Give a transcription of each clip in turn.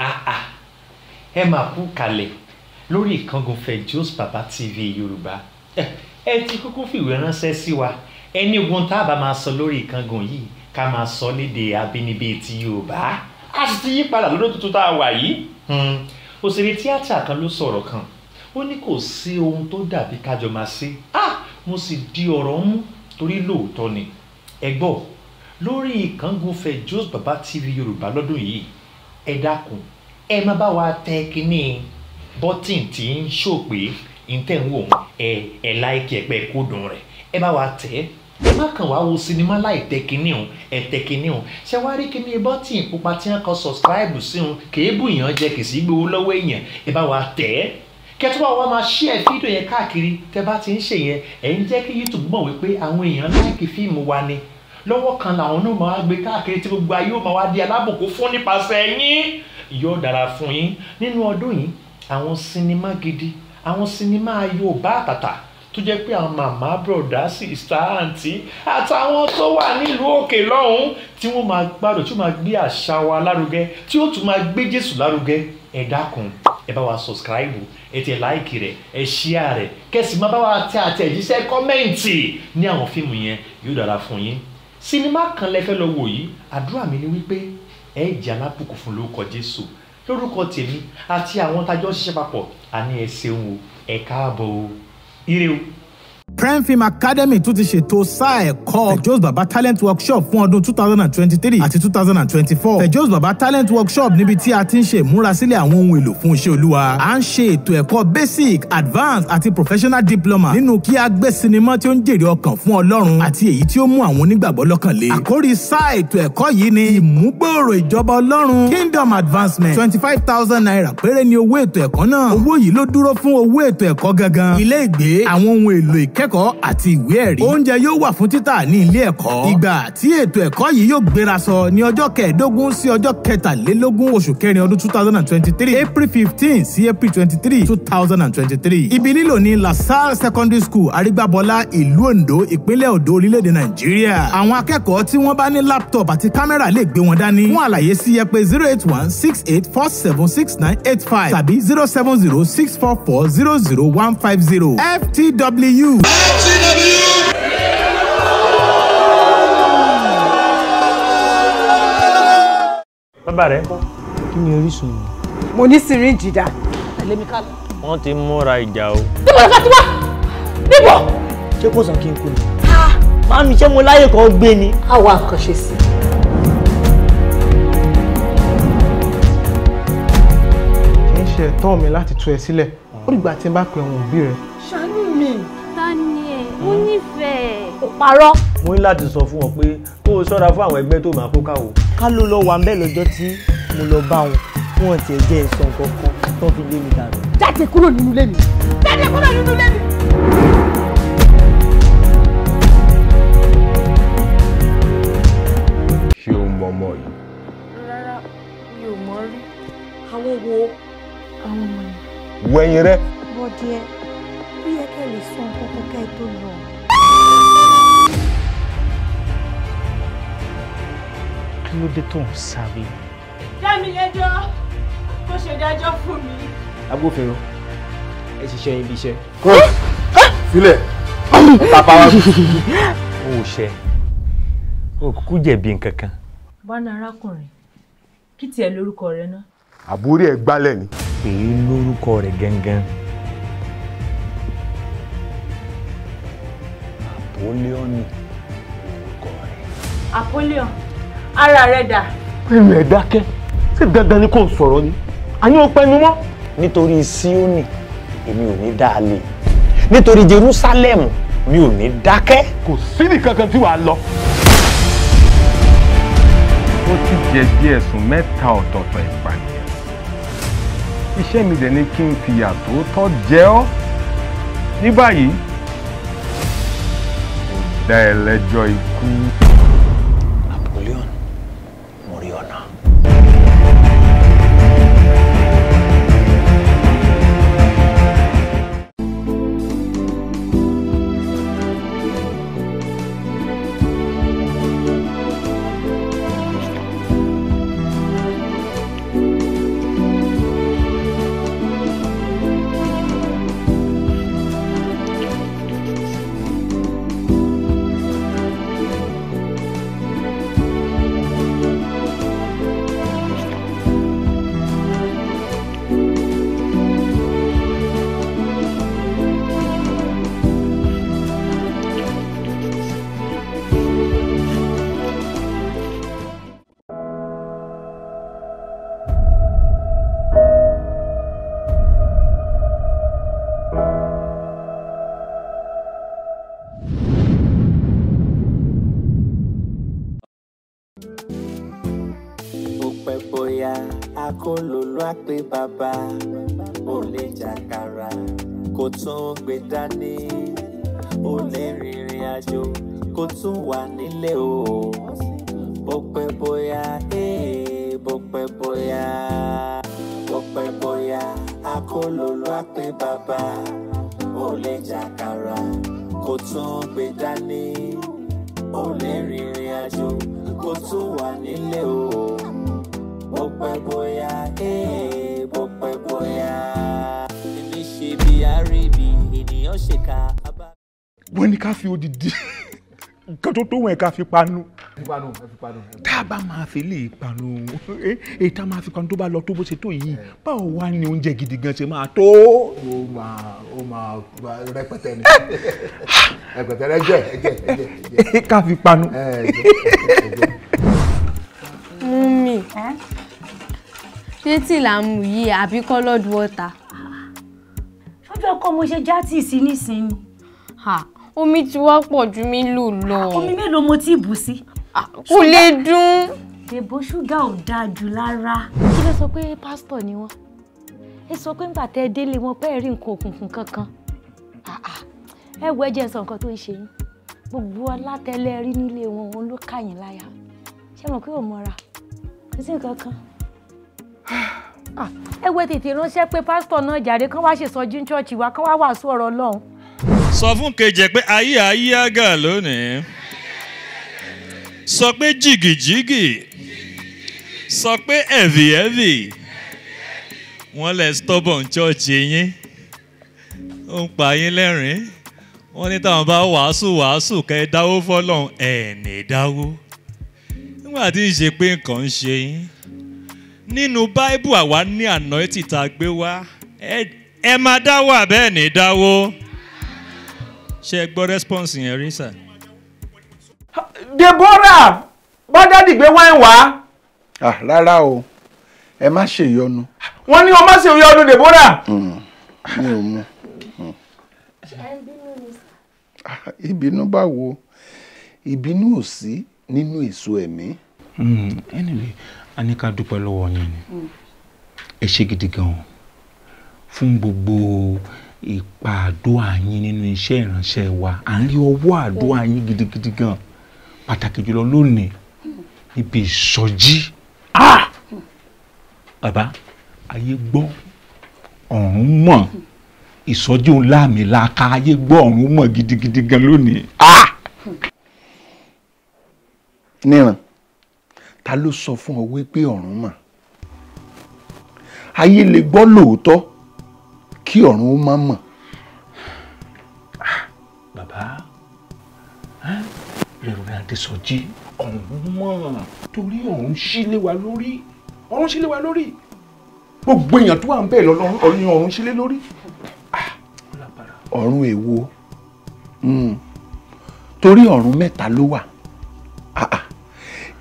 àà ah, ah. ẹ máa kú kalẹ̀ lórí ìkángun Fejosbaba baba tv yorùbá ẹ ti kúkú fìwé ránṣẹ́ sí wa ẹni ogun tá a bá máa sọ lórí ìkángun yìí ká máa sọ léde abínibí ti yorùbá a sì ti yí padà lọ́dún tuntun tá a wà yìí hmm. òṣèré tíátà kan ló sọ̀rọ̀ kan ó ní kò sí ohun tó dàbí kájọ máa ṣe ah mo sì di ọ̀rọ̀ mú torí lóòótọ́ ni ẹ gbọ́ lórí ìkángun Fejosbaba tv yorùbá lọ́dún yìí ẹ dákun ẹ má bá wa tẹ kínní bọ́tìn tí ń ṣò pé ìtẹ̀ ń wò ẹ ẹ láìkí ẹ pé kódùn rẹ̀ ẹ bá wa tẹ̀ ẹ má kàn wá wo sinimá láì tẹ kínní o ẹ tẹ kínní o ṣé wàá rí kínní bọ́tìn pupa tí wọ́n kọ sọ̀sìkíráìbù sí wọn kéébù yàn jẹ kìsì gbowó lọ́wọ́ èèyàn ẹ bá wa tẹ̀ ẹ́ kẹtùbà wa máa ṣí ẹ fídíò yẹn káàkiri tẹ bá ti ń ṣe yẹn ẹ ń jẹ́ kí YouTube mọ̀ wípé àwọn èèyàn láìkí fíìmù wa ni lọ́wọ́ kan làwọn náà máa gbé káàkiri tí gbogbo ayé ó máa wá di alábòkú fún nípasẹ̀ yín yóò dára fún yín nínú ọdún yìí àwọn sinimá gidi àwọn sinimá Yorùbá àtàtà tó jẹ́ pé àwọn màmá bùrọ̀dá sí ìsta àǹtí àtàwọn tó wà nílùú òkè lọ́hùn tí wọ́n máa gbádùn tí wọ́n máa gbé àṣà wa lárugẹ tí ó tún máa gbé Jésù lárugẹ ẹ dákun ẹ bá wa subscribe ẹ tẹ láìkì rẹ ẹ ṣíà rẹ kẹsì máa bá wa tẹ àtẹ̀jíṣẹ́ kọ́mẹ́ǹtì ní àwọn fíìmù yẹn yóò dára fún yín sinimá kan lẹ́fẹ́ lọ wò yìí àdúrà mi ni wípé ẹ jẹ́ alábùkún fún lórúkọ Jésù lórúkọ tèmi àti àwọn tájọ́ ṣiṣẹ́ papọ̀ àní ẹ ṣeun o ẹ káàbọ̀ o ire o prime film academy tún ti ṣètò sáà ẹ̀kọ́ fejos baba talent workshop fún ọdún 2023 thousand and twenty-three àti two thousand baba talent workshop níbi tí a ti ń ṣe ìmúrasílẹ̀ àwọn ohun èlò fún iṣẹ́ olúwa à ń ṣe ètò ẹ̀kọ́ basic advanced àti professional diploma nínú kí a gbé sinimá tí ó ń jèrè ọkàn fún ọlọ́run àti èyí tí ó mú àwọn onígbàgbọ́ lọ́kàn le àkórí sáà ètò ẹ̀kọ́ yìí ni ìmúgbòòrò ìjọba ọlọ́run kingdom advancement twenty-five thousand naira péré ni owó ètò ẹ̀kọ́ náà owó yìí ló dúró fún owó ètò ẹ̀kọ́ gangan ilé ìgbé àwọn ohun èlò ìk ìkẹ́kọ̀ọ́ àti ìwé ẹ̀rí. oúnjẹ yóò wà fún títà ní ilé ẹ̀kọ́. ìgbà tí ètò ẹ̀kọ́ yìí yóò gbéra sọ ní ọjọ́ kẹẹ̀ẹ́dógún sí ọjọ́ kẹtàlélógún oṣù kẹrin ọdún two thousand and twenty-three april fifteen sí april twenty-three two thousand and twenty-three. ibi lílò ní lasalle secondary school arígbábọlá ìlú ondo ìpínlẹ̀ ondo orílẹ̀-èdè nàìjíríà. àwọn akẹ́kọ̀ọ́ tí wọ́n bá ní laptop àti kámẹ́rà lè gbé wọn dání. fún àlàyé sí ẹ pé zero eight one six eight four seven six nine eight five tàbí zero seven zero six four four zero zero one five zero ftw bàbá rẹ̀ ń kọ́. kí ni orísun yìí. mo ní sìríǹjì dá. tẹ̀lé mi ká lọ. wọ́n ti múra ìjà o. tí mo lọ ká ti wá níbọ̀. ṣé kò sàn kí n kú ni. máa mi ṣé mo láyè kan gbé ni. a wá nǹkan ṣe sí i. kì í ṣe ẹ̀tọ́ mi láti tú ẹ sílẹ̀ ó dìgbà tí n bá pe àwọn òbí rẹ. ṣáà parọ́. mo ní láti sọ fún ọ pé kó o ṣọ́ra fún àwọn ẹgbẹ́ tó máa kó káwọ. ká ló lọ wà ń lọ́jọ́ tí mo lọ bá wọn fún ọ̀tí ẹ̀jẹ̀ ẹ̀sọ́ kankan tó fi lé mi dànù. jáde kúrò nínú ilé jáde kúrò nínú ilé ṣé o mọ ọmọ yìí. rárá mi ò mọ rí àwọn wo àwọn ọmọ yìí. wẹ̀yìn rẹ. bọ́dẹ bí ẹ kẹ́ lè sọ nǹkan kọ́kẹ́ tó lọ. kí ló dé tó ń sáré. dámilẹ́jọ́ kó ṣe dájọ́ fún mi. agbófinró ẹ ṣiṣẹ́ yín iṣẹ́. kọ́ sílẹ̀ pàpà wa. o ò ṣe o kúkú jẹ̀bi nǹkan kan. bánà arákùnrin kí tiẹ̀ lórúkọ rẹ ná. àbúrò ẹ̀ gbálẹ̀ ni. pè é lórúkọ rẹ̀ gangan. Napoleon ni orúkọ rẹ̀ ara rẹ dà. ẹnu ẹ dákẹ́ ṣé dandan ni kò sọ̀rọ̀ ni àní o pẹnu mọ́. nítorí Síónì èmi ò ní dáa lé nítorí Jerúsálẹ́mù mi ò ní dákẹ́. kò síbi kankan tí wàá lọ. ó ti jẹ̀bi ẹ̀sùn mẹ́ta ọ̀tọ̀ọ̀tọ̀ ìpànìyàn iṣẹ́ mi dẹ̀ ni kí n fìyà tó tọ́ jẹ ọ́ ní báyìí kò dá ẹlẹ́jọ́ ikú. akólóló àpè baba ó lè jàkàrà kó tún gbé dání ó lè rìnrìn àjò kó tún wà nílé o bó pẹ́ bóyá ee eh, bó pẹ́ bóyá bó pẹ́ bóyá akólóló àpè jakara ó lè jàkàrà kó tún gbé dání ó rìnrìn àjò kó tún wà nílé o bó pẹ́ bóyá bó eh, pẹ́ bóyá èmi ṣe bí àríbi ènìyàn ṣe ká abá. wọ́n ní ká fi odidi nǹkan tó tó wọn ká fi panu. tá a bá máa fi lè panu eh, èyí tá a máa fi panu tó bá lọ tó bó ṣe tó yìí eh. báwo wá ní oúnjẹ gidi gan ṣe máa tó. ó máa ó máa rẹpẹtẹ ni rẹpẹtẹ rẹ jẹ ẹ jẹ ẹ jẹ. ká fi panu mummy ṣé tí là ń mu yìí àbí colored water. ṣojú ọkọ mo ṣe já tíì sí nísìnyí. omi ti wọ́pọ̀ ju mi lò lọ. omi mélòó mo ti bù sí. Ah, kò lè dùn. èbó ṣúgà ò dáa jù lára. kí ló sọ pé pásítọ̀ ni wọ́n ẹ sọ pé ńgbà tẹ délé wọn pẹ́ẹ́ rí nǹkan òkùnkùn kankan ah, ah. ẹ wo ẹjẹ sọ nǹkan tó ń ṣe yín gbogbo ọlá tẹlẹ rí nílé wọn òun ló kà yín láyà ṣé mo pé ò mọra kò sí nǹkan kan. Ah, ẹ wo tètè ránṣẹ́ pé pásítọ̀ náà jàre kán wá ṣèsọjí ní ṣọ́ọ̀ṣì wa kán wá wàásù ọ̀rọ̀ ọlọ́run. sọ fún kejì pé ayé ayé àgà lónìí sọ pé jìgìjìgì sọ pé ẹ̀vì ẹ̀vì wọ́n lẹ̀ stubborn ṣọ́ọ̀ṣì yín ó ń pa yín lẹ́rìn-ín wọ́n ní táwọn bá wàásù wàásù kẹ́ dáwó fọ́lọ́run ẹ̀ ní dáwó nígbà tí ń ṣe pé nǹkan ń ṣe yín nínú báíbù àwa ní ànáìtì tá a gbé wá ẹ máa dáwọ́ àbẹ́ẹ̀ ní dáwọ́ ṣe gbọ́ response yẹn rí sà. Deborah bá gbé wáìn wá. ah rárá o ẹ má ṣe ìyọnu. wọ́n ní o má ṣe ìyọnu Deborah. Hmm, mi ò mu. Hmm. Ah, ìbínú báwo ìbínú ò sí nínú èso ẹ̀mí. Hmm, anyway a ní ká dúpẹ́ lọ́wọ́ yín ni hmm. ẹ ṣe gidi gan-an fún gbogbo ipa àdúrà yín nínú iṣẹ́ ìránṣẹ́ wa à ń rí ọwọ́ àdúrà hmm. yín gidigidi gan pàtàkì jùlọ lónìí níbi ìsọjí ah! bàbá ayé gbọ́ ọ̀run mọ̀ ìsọjí ńlá mi la ka ayé gbọ́ ọ̀run mọ̀ gidigidi gan lónìí. Ah! níran ta ló sọ fún ọ wípé ọ̀run mà ayé lè gbọ́ lóòótọ́ kí ọ̀run ó má mọ̀. bàbá Yorùbá Adésọjí ọ̀hún mọ̀ torí ọ̀hún sílé wa lórí ọ̀hún sílé wa lórí gbogbo èèyàn tó wà ń bẹ̀ lọ́lọ́run ọ̀yìn ọ̀hún sílé lórí ah, ọ̀run èwo hmm. torí ọ̀run mẹ́ta ló wà. Ah ah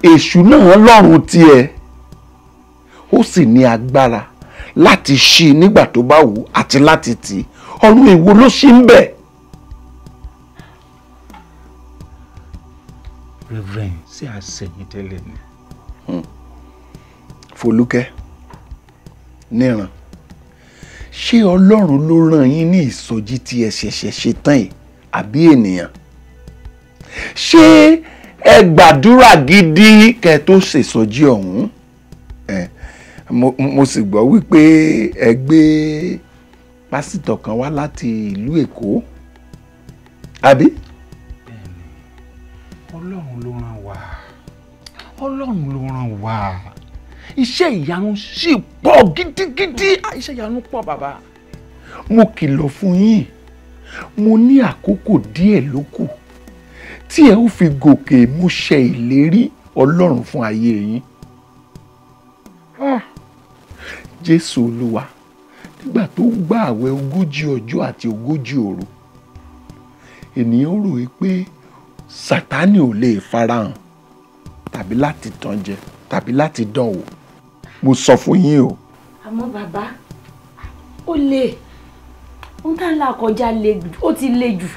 èṣù náà lọ́rùn tiẹ̀ ó sì ní agbára láti ṣí i nígbà tó bá wù àti láti tì í ọ̀run èwo ló ṣí ń bẹ̀. reverend ṣé àṣẹyìn tẹ́lẹ̀ ni. Hmm. folúkẹ́ níran ṣé ọlọ́run ló ràn yín ní ìsọjí tí ẹ ṣẹ̀ṣẹ̀ ṣe tán yìí àbí ènìyàn ṣé. She ẹ gbàdúrà gidi kẹ tó ṣèsọjí ọ̀hún mo sì gbọ́ wípé ẹ gbé pásítọ̀ kan wá láti ìlú Èkó àbí. ọlọ́run ló ràn wá ọlọ́run ló ràn wá iṣẹ́ ìyanu sì pọ̀ gidigidi ah, iṣẹ́ ìyanu pọ̀ bàbá. mo kìlọ̀ fún yín mo ní àkókò díẹ̀ ló kù tí ẹ ó fi gòkè múṣẹ ìlérí ọlọ́run fún ayé yín. Ah! Jésù Olúwa nígbà tó gba àwẹ̀ ogójì ọjọ́ àti ogójì òru ènìyàn rò wí pé Sátánì ò lè farahàn tàbí láti tàn jẹ tàbí láti dán wò mo sọ fún yín o. àmọ́ bàbá ó lè ń tàn là ó ti le jù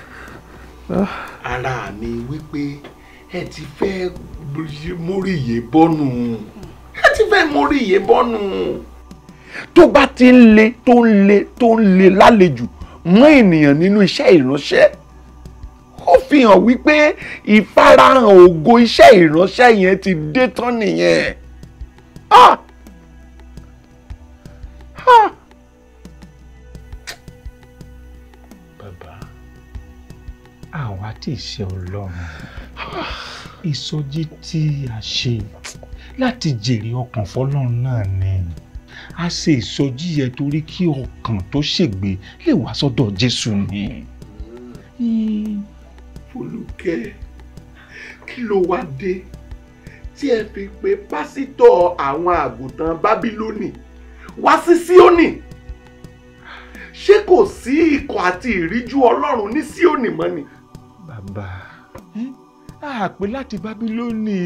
ara mi wípé ẹ ti fẹ́ móríyè bọ́nù ẹ ti fẹ́ móríyè bọ́nù tó bá ti ń le tó ń le tó ń le lálejò mọ́ ènìyàn nínú iṣẹ́ ìránṣẹ́ ó fi hàn wípé ìfarahàn ògo iṣẹ́ ìránṣẹ́ yẹn ti dé tán nìyẹn. Ah! Ah! àti ìṣe ọlọ́run ìsọjí tí a ṣe láti jèrè ọkàn fọlọ́run náà ni a ṣe ìsọjí yẹn torí kí ọkàn tó ṣègbè lè wá sọ́dọ̀ Jésù ni. Folúkẹ́ kí ló wá dé tí ẹ fi pe pásítọ̀ àwọn àgùntàn Bábílónì wá sí Síónì ṣé kò sí ikọ̀ àti ìríjú Ọlọ́run ní Síónì mọ́ ni. Si bàbá àpè hm? láti bábílónì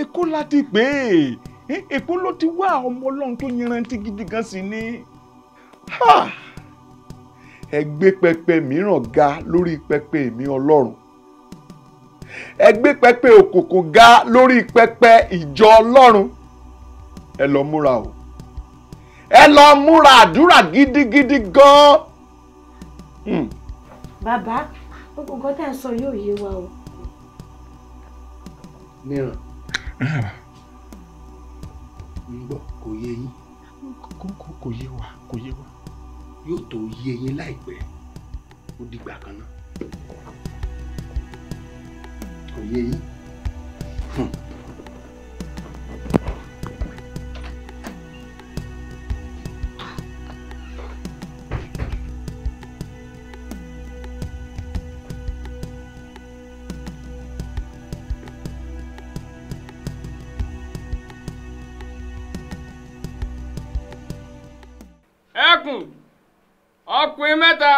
èkó láti pè é hm? èkó ló ti wá ọmọ ọlọ́run tó yanrantí gidi gan sí ni ẹ gbé pẹpẹ mìíràn ga lórí pẹpẹ mi ọlọ́run ẹ pẹpẹ òkòkò ga lórí pẹpẹ ìjọ ọlọ́run ẹ lọ múra o ẹ lọ múra àdúrà gidigidi gan. Hm. bàbá gbogbo nǹkan tẹ́ ń sọ yóò yé wa o. níran ń gbọ́ kò yé yín. kò yé wa kò yé wa. yóò tó yé yín láìpẹ́ ó dìgbà kan náà kò yé yín. Hmm. àmọ̀tẹ́kùn ọkùnrin mẹ́ta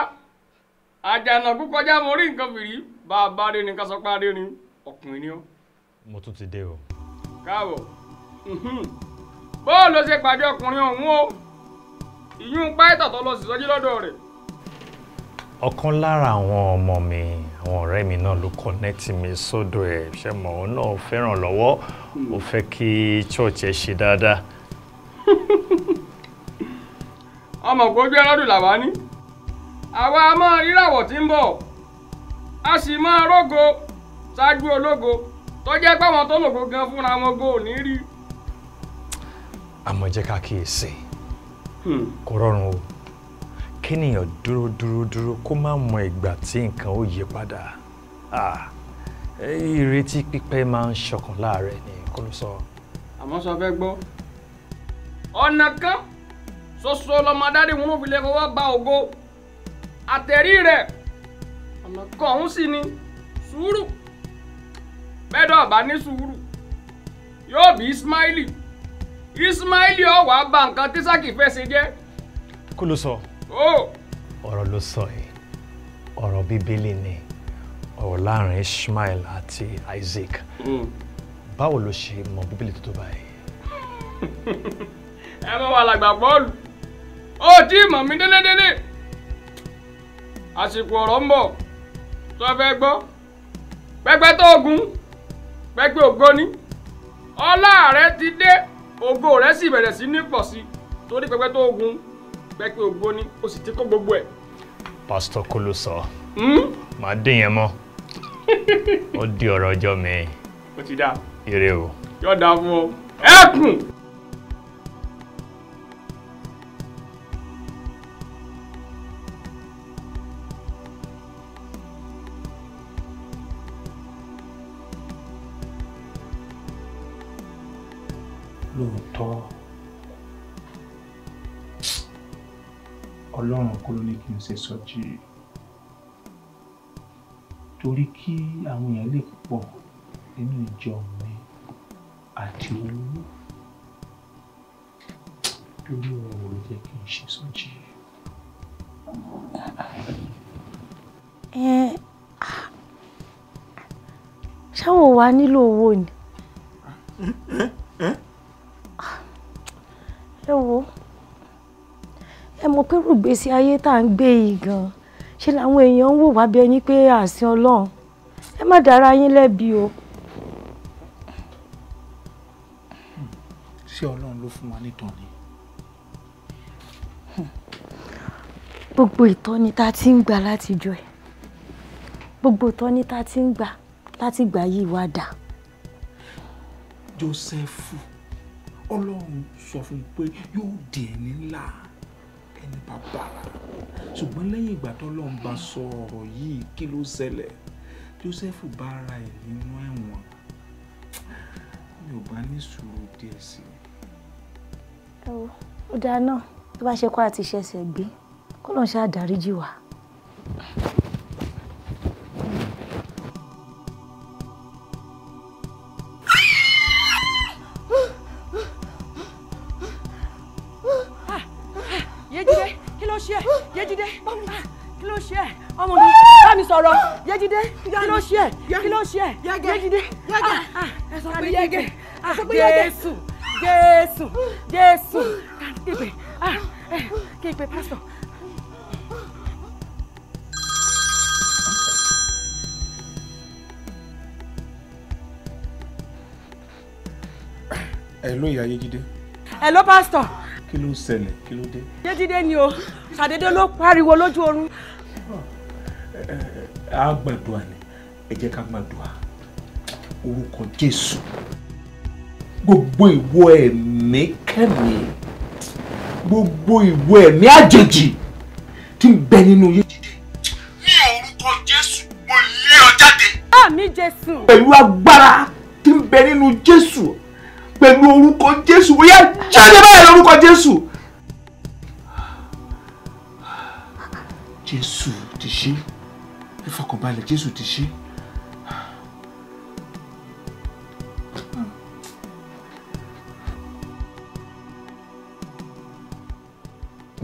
àjànàkú kọjá mo rí nǹkan fìrí bàbá rẹ ni kásán parí ni ọkùnrin ni ó. mo tún ti dé o. káàbọ̀ bọ́ọ̀lù ṣe pàdé ọkùnrin ọ̀hún o ìyún páìtà tó lọ sí sọjí lọ́dọ̀ rẹ̀. ọ̀kan lára àwọn ọmọ mi àwọn ọ̀rẹ́ mi náà ló kọ́nẹ́tì mi sọ́dọ̀ ẹ̀ ṣe mọ̀ ọ́n náà fẹ́ràn lọ́wọ́ ó hmm. fẹ́ kí chọ́ọ̀chì ẹ̀ ṣe dáadáa. ọmọ kojú ẹlọ́dún làwa ní àwa máa ríràwọ̀ tí ń bọ̀ a sì máa rógo ṣáájú ológo tó jẹ́ pé àwọn tó lògo gan fúnra wọn go ní rí. àmọ́ jẹ́ ká kíyèsí hmm. kò rọrùn o kéèyàn dúró dúró dúró kó má mọ ìgbà tí nǹkan ó yí padà ìrètí pípẹ́ máa ń ṣọkàn láàárẹ̀ ni kò ló sọ. àmọ́ sọ fẹ́ gbọ́ ọ̀nà kan ṣoṣo lọmọ adáde wọn ò fi lè fọwọ́ ba ògo àtẹ̀rí rẹ̀ ọ̀nà kan ọ̀hún sì ni sùúrù bẹ́ẹ̀dọ̀ ọ̀bá ní sùúrù yóò bí ismaili ismaili ọ̀wà bá nǹkan tí sákì fẹ́ ṣe jẹ́. kó ló sọ. o. ọ̀rọ̀ ló sọ yìí ọ̀rọ̀ bíbélì ni ọ̀rọ̀ láàrin ismail àti isaac hmm. báwo ló ṣe mọ bíbélì tó tó báyìí. ẹ bá wà lágbà bọ́ọ̀lù ó tí ì mọ̀ mí délédélé àsìkò ọ̀rọ̀ ń bọ̀ tó fẹ́ gbọ́ pẹ́pẹ́ tó ogun pẹ́pẹ́ ògbóni ọlá rẹ ti dé ògo rẹ sì bẹ̀rẹ̀ sí ní pọ̀ sí torí pẹ́pẹ́ tó ogun pẹ́pẹ́ ògbóni o sì ti kó gbogbo ẹ̀. pásítọ̀ kúlù sọ màá hmm? dín yẹn mọ́ ó di ọ̀rọ̀ ọjọ́ mi. ó ti dáa. ire o. yóò dáa fún ọ. ẹkùn. tọ́ ọlọ́run kọ́ ló ní kí n ṣe sọ́jí torí kí àwọn èèyàn lè pọ̀ nínú ìjọ mi àti owó torí ọ̀rọ̀ rẹ̀ jẹ́ kí n ṣe sọ́jí. ṣáwọn wa nílò owó ni. mọ̀ pé rògbèsí ayé tá à ń gbé yìí gan ṣe làwọn èèyàn ń wò wá bí ẹni pé àsìn ọlọ́run ẹ má dára yín lẹ́bi o. ṣé ọlọ́run ló fún wa nítàn ni. gbogbo ìtọ́ni tá a ti ń gbà látijọ́ ẹ̀ gbogbo ìtọ́ni tá a ti ń gbà láti gbà yìí wá dà. Jósẹ́fù ọlọ́run sọ fún un pé yóò dè é nílà bàbàrà ṣùgbọ́n lẹ́yìn ìgbà tó lọ́n bá sọ ọ̀rọ̀ yìí kí ló ṣẹlẹ̀ Joseph bá ara ẹ̀ nínú ẹ̀wọ̀n mi ò bá ní sùúrù díẹ̀ sí i. ẹ wo ó dáa náà tó bá ṣe kó àti ṣẹ̀ṣẹ̀ gbé kó lóun ṣáà dáríjì wá. Yéjídé kí ló ṣe ẹ kí ló ṣe ẹ Yéjídé ah, ah, ẹ sọ pé yege ah, Jésù Jésù Jésù kí pé kí pé pásítọ̀. ẹ ló ìyá Yéjídé. ẹ ló pásítọ̀. kí ló ṣẹlẹ̀ kí ló dé. Yéjídé ni o ṣàdédé ló pariwo lójú oorun á gbàdúrà ni ẹ jẹ́ ká gbàdúrà orúkọ Jésù gbogbo ìwọ ẹ̀mí kẹ́mi gbogbo ìwọ ẹ̀mí àjèjì tí ń bẹ nínú yé jíde ní orúkọ Jésù mo lé ọ jáde. àmì Jésù. pẹ̀lú agbára tí ń bẹ nínú Jésù pẹ̀lú orúkọ Jésù bóyá jáde báyìí lórúkọ Jésù. Jésù ti ṣe é ìfọkànbalẹ̀ Jésù ti ṣe.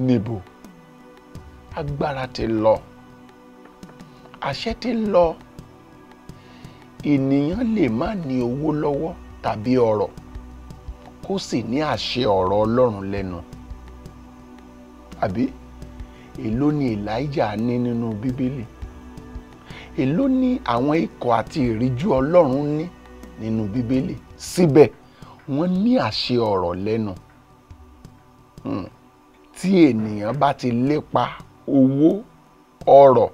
níbo agbára ti lọ àṣẹ ti lọ ènìyàn lè má ní owó lọ́wọ́ tàbí ọrọ̀ kó sì ní àṣẹ ọ̀rọ̀ Ọlọ́run lẹ́nu àbí èló ni Elijah ní nínú Bíbélì èló ni àwọn ikọ̀ àti ìríjú ọlọ́run ní nínú bíbélì síbẹ̀ wọ́n ní àṣẹ ọ̀rọ̀ lẹ́nu hmm. tí ènìyàn bá ti lépa owó ọrọ̀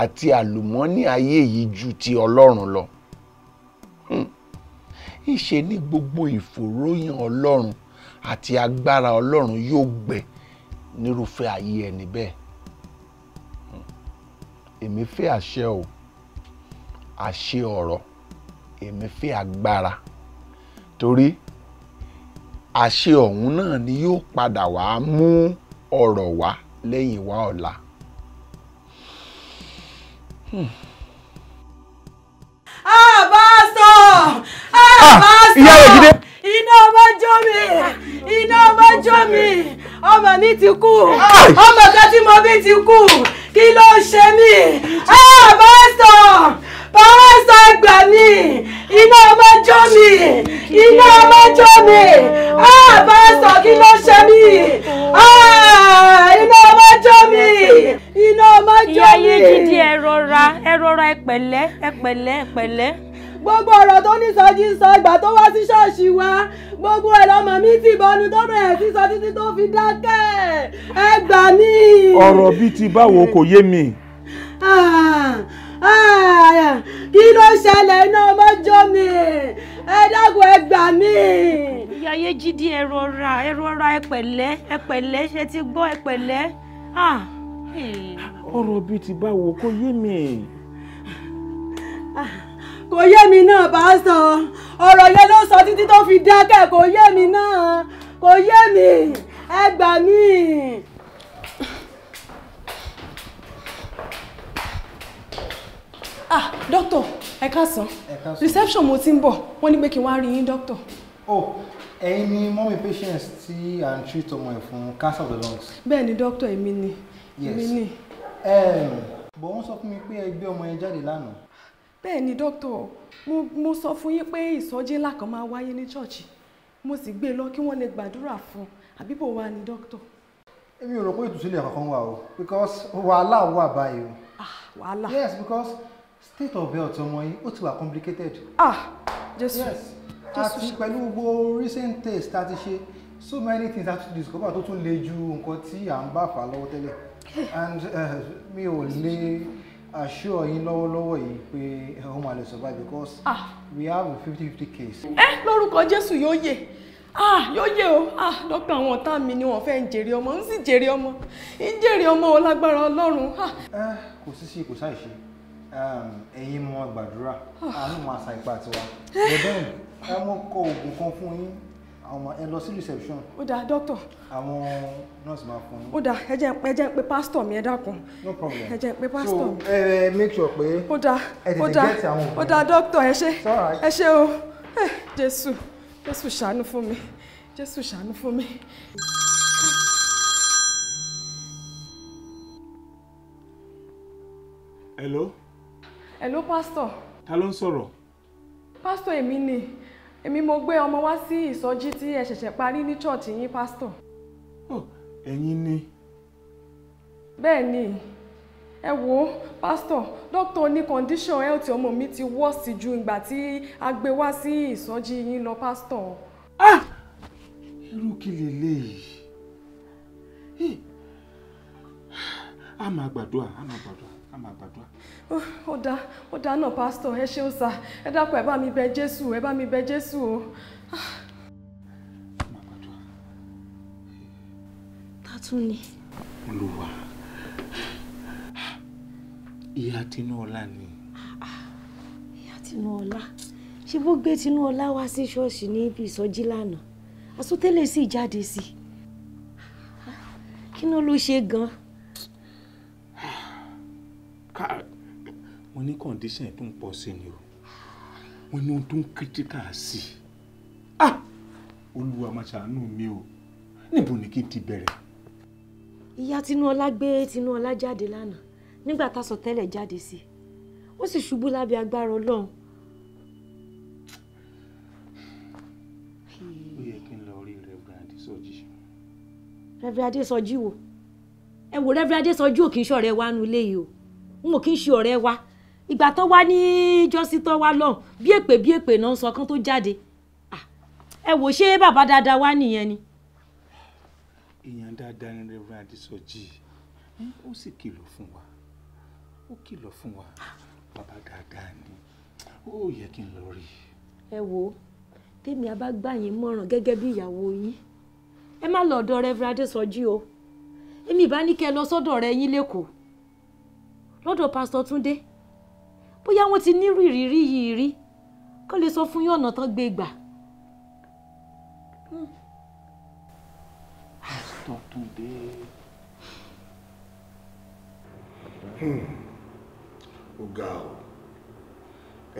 àti àlùmọ́nì ayé yìí ju ti ọlọ́run lọ hmm. ìṣe ní gbogbo ìfòròyìn ọlọ́run àti agbára ọlọ́run yóò gbẹ nírúfẹ́ ayé ẹni bẹ́ẹ̀ hmm. èmi fẹ́ àṣẹ o àṣẹ ọ̀rọ̀ èmi fẹ́ agbára torí àṣẹ ọ̀hún náà ni yóò padà wá mú ọ̀rọ̀ wá lẹ́yìn wá ọ̀la. àbáṣọ hmm. ah, ah, ah, àbáṣọ iná ọba jó mi iná ọba jó mi ọmọ mi ti kú ọmọ kan tí mo ti kú kí ló ń ṣe mí àbáṣọ pásítọ̀ gbà mí iná ọmọ jó mi iná ọmọ jó mi ah, pásítọ̀ kí ló ṣe mí ah, iná ọmọ jó mi iná ọmọ jó mi. ìyá yé gidi ẹ rọra ẹ rọra ẹ pẹ̀lẹ́ ẹ gbogbo ọ̀rọ̀ tó ní sọ́jí sọ ìgbà tó wá sí ṣọ́ọ̀ṣì wa gbogbo ẹ̀ lọ́mọ mi ti bọnu tó bẹ̀rẹ̀ sí sọ títí tó fi dákẹ́ ẹ gbà mí. ọ̀rọ̀ bíi ti báwo kò yé mi. Ah, Ah, kí ló ṣẹlẹ̀ iná ọmọjọ́ mi ẹ dákun ẹ gbà mí. ìyá Yéjídé ẹ rọra ẹ rọra ẹ pẹ̀lẹ́ ẹ ṣe ti gbọ́ ẹ pẹ̀lẹ́. Ah, ọ̀rọ̀ bíi ti báwo kò yé mi. Ah, kò yé mi náà bá sọ ọ̀rọ̀ yẹn ló sọ títí tó fi dákẹ́ kò yé mi náà kò yé mi ẹ gbà mí. ah doctor ẹ káàsán reception mo ti ń bọ̀ wọ́n ní pé kí n wá rí yín doctor. oh ẹ̀yin ni mọ́mí patients tí à ń treat ọmọ ẹ̀ fún cancer of the lungs. bẹ́ẹ̀ doctor èmi ni èmi ni. bọ̀ wọ́n sọ fún mi pé ẹ gbé ọmọ yẹn jáde lánàá. bẹ́ẹ̀ doctor mo mo sọ fún yín pé ìsọjí ńlá kan máa wáyé ní ṣọ́ọ̀ṣì mo sì gbé e lọ kí wọ́n lè gbàdúrà fún un àbí bò wá ni doctor. èmi ò rò pé ìtúsílẹ̀ kankan wà o because wàhálà wà báyìí o. ah wàhálà. yes because state of health ọmọ yín ó ti wà complicated. ah jésù yes àti pẹ̀lú gbogbo recent test a ti ṣe so many things a ti discover tó tún le ju nǹkan tí à ń bá fà lọ́wọ́ and eh, mi ò lè assure yín lọ́wọ́lọ́wọ́ yìí pé ó máa survive because ah. we have a fifty fifty case. ẹ eh, lórúkọ jésù yóò yè ah yóò yé o ah dókítà àwọn ọ̀tá mi ni wọ́n fẹ́ ń jèrè ọmọ ń sì jèrè ọmọ ń jèrè ọmọ o lágbára ọlọ́run. ẹ ah. eh, kò sí sí kò sáì ṣe ẹ̀yin mọ gbàdúrà ah. àánú máa sa ipa tiwa bẹ́ẹ̀ ẹ mọ kọ oògùn kan fún yín àwọn ẹ lọ sí reception. ó dáa dókítà. àwọn nurse máa fún yín. ó dáa ẹ jẹ́ ẹ jẹ́ pé pásítọ̀ mi ẹ dákun. no problem ẹ jẹ́ pé pásítọ̀ mi. so ẹ uh, make sure pé. ó dáa ó dáa ó dáa dókítà ẹ ṣé ẹ ṣé o eh, jésù jésù ṣàánú fún mi jésù ṣàánú fún mi. hello. Hello, pastor. Ta ló ń sọ̀rọ̀? Pastor èmi ni. Èmi mo gbé ọmọ wá sí ìsọjí tí ẹ ṣẹ̀ṣẹ̀ parí ní church yín, pastor. Oh, ẹ̀yin ni. Bẹ́ẹ̀ ni. Ẹ wo, pastor, doctor ní condition health ọmọ mi ti worse ju ìgbà tí a gbé wá sí ìsọjí yín lọ, pastor. Ah! Irú kí leléyìí? A máa gbàdúrà, a máa gbàdúrà ká máa gbàdúrà. ó dáa ó dáa náà pásítọ̀ ẹ ṣeun sà ẹ dákun ẹ bá mi bẹ jésù ẹ bá mi bẹ jésù o. Ah. tátún ni. olùwà ìyá tinúọlá ni. Ah, ìyá tinúọlá ṣé bó gbé tinúọlá wá sí ṣọ́ọ̀ṣì níbi ìsọjí lánàá àsọtẹ́lẹ̀ sì jáde sí i ah, kí ló ló ṣe gan-an ká mo ní condition tó ń pọ̀ sí ni o mo ní ohun tó ń critical sí i ah olúwa máa ṣàánú mi o níbo ni kí n ti bẹ̀rẹ̀. ìyá tinúọlá gbé tinúọlá jáde lánàá nígbà tá a sọ tẹ́lẹ̀ jáde sí i ó sì ṣubú lábẹ́ agbára ọlọ́run. ó yẹ kí n lọ rí Reverend Adésọjí. Reverend Adésọjí wo ẹ wo Reverend Adésọjí ò kì í ṣọ̀rẹ́ wa nulẹ̀ yìí o n ò kí ń ṣe ọ̀rẹ́ wa ìgbà tó wá ní jọ́sí tó wá lọ́hùn bí èpè bí èpè náà ń sọ kán tó jáde ẹ wò ṣé bàbá dáadáa wá nìyẹn ni. èèyàn dáadáa ni Reverend Adésọjí ó sì kìlọ̀ fún wa ó kìlọ̀ fún wa bàbá dáadáa ni ó yẹ kí n lọ rí i. ẹ wo tèmi a bá gbà yín mọ̀ràn gẹ́gẹ́ bí ìyàwó yín ẹ má lọ ọ̀dọ̀ Reverend Adésọjí o èmi ìbá ní kẹ́ ẹ lọ sọ́dọ̀ ọ̀rẹ́ yín lẹ́kọ̀ọ́ lọ́dọ̀ pásítọ̀ Túndé bóyá wọ́n ti nírú ìrírí yìí rí kó lè sọ fún yín ọ̀nà tán gbé gbà. pásítọ̀ Túndé. Hmm. ó ga ọ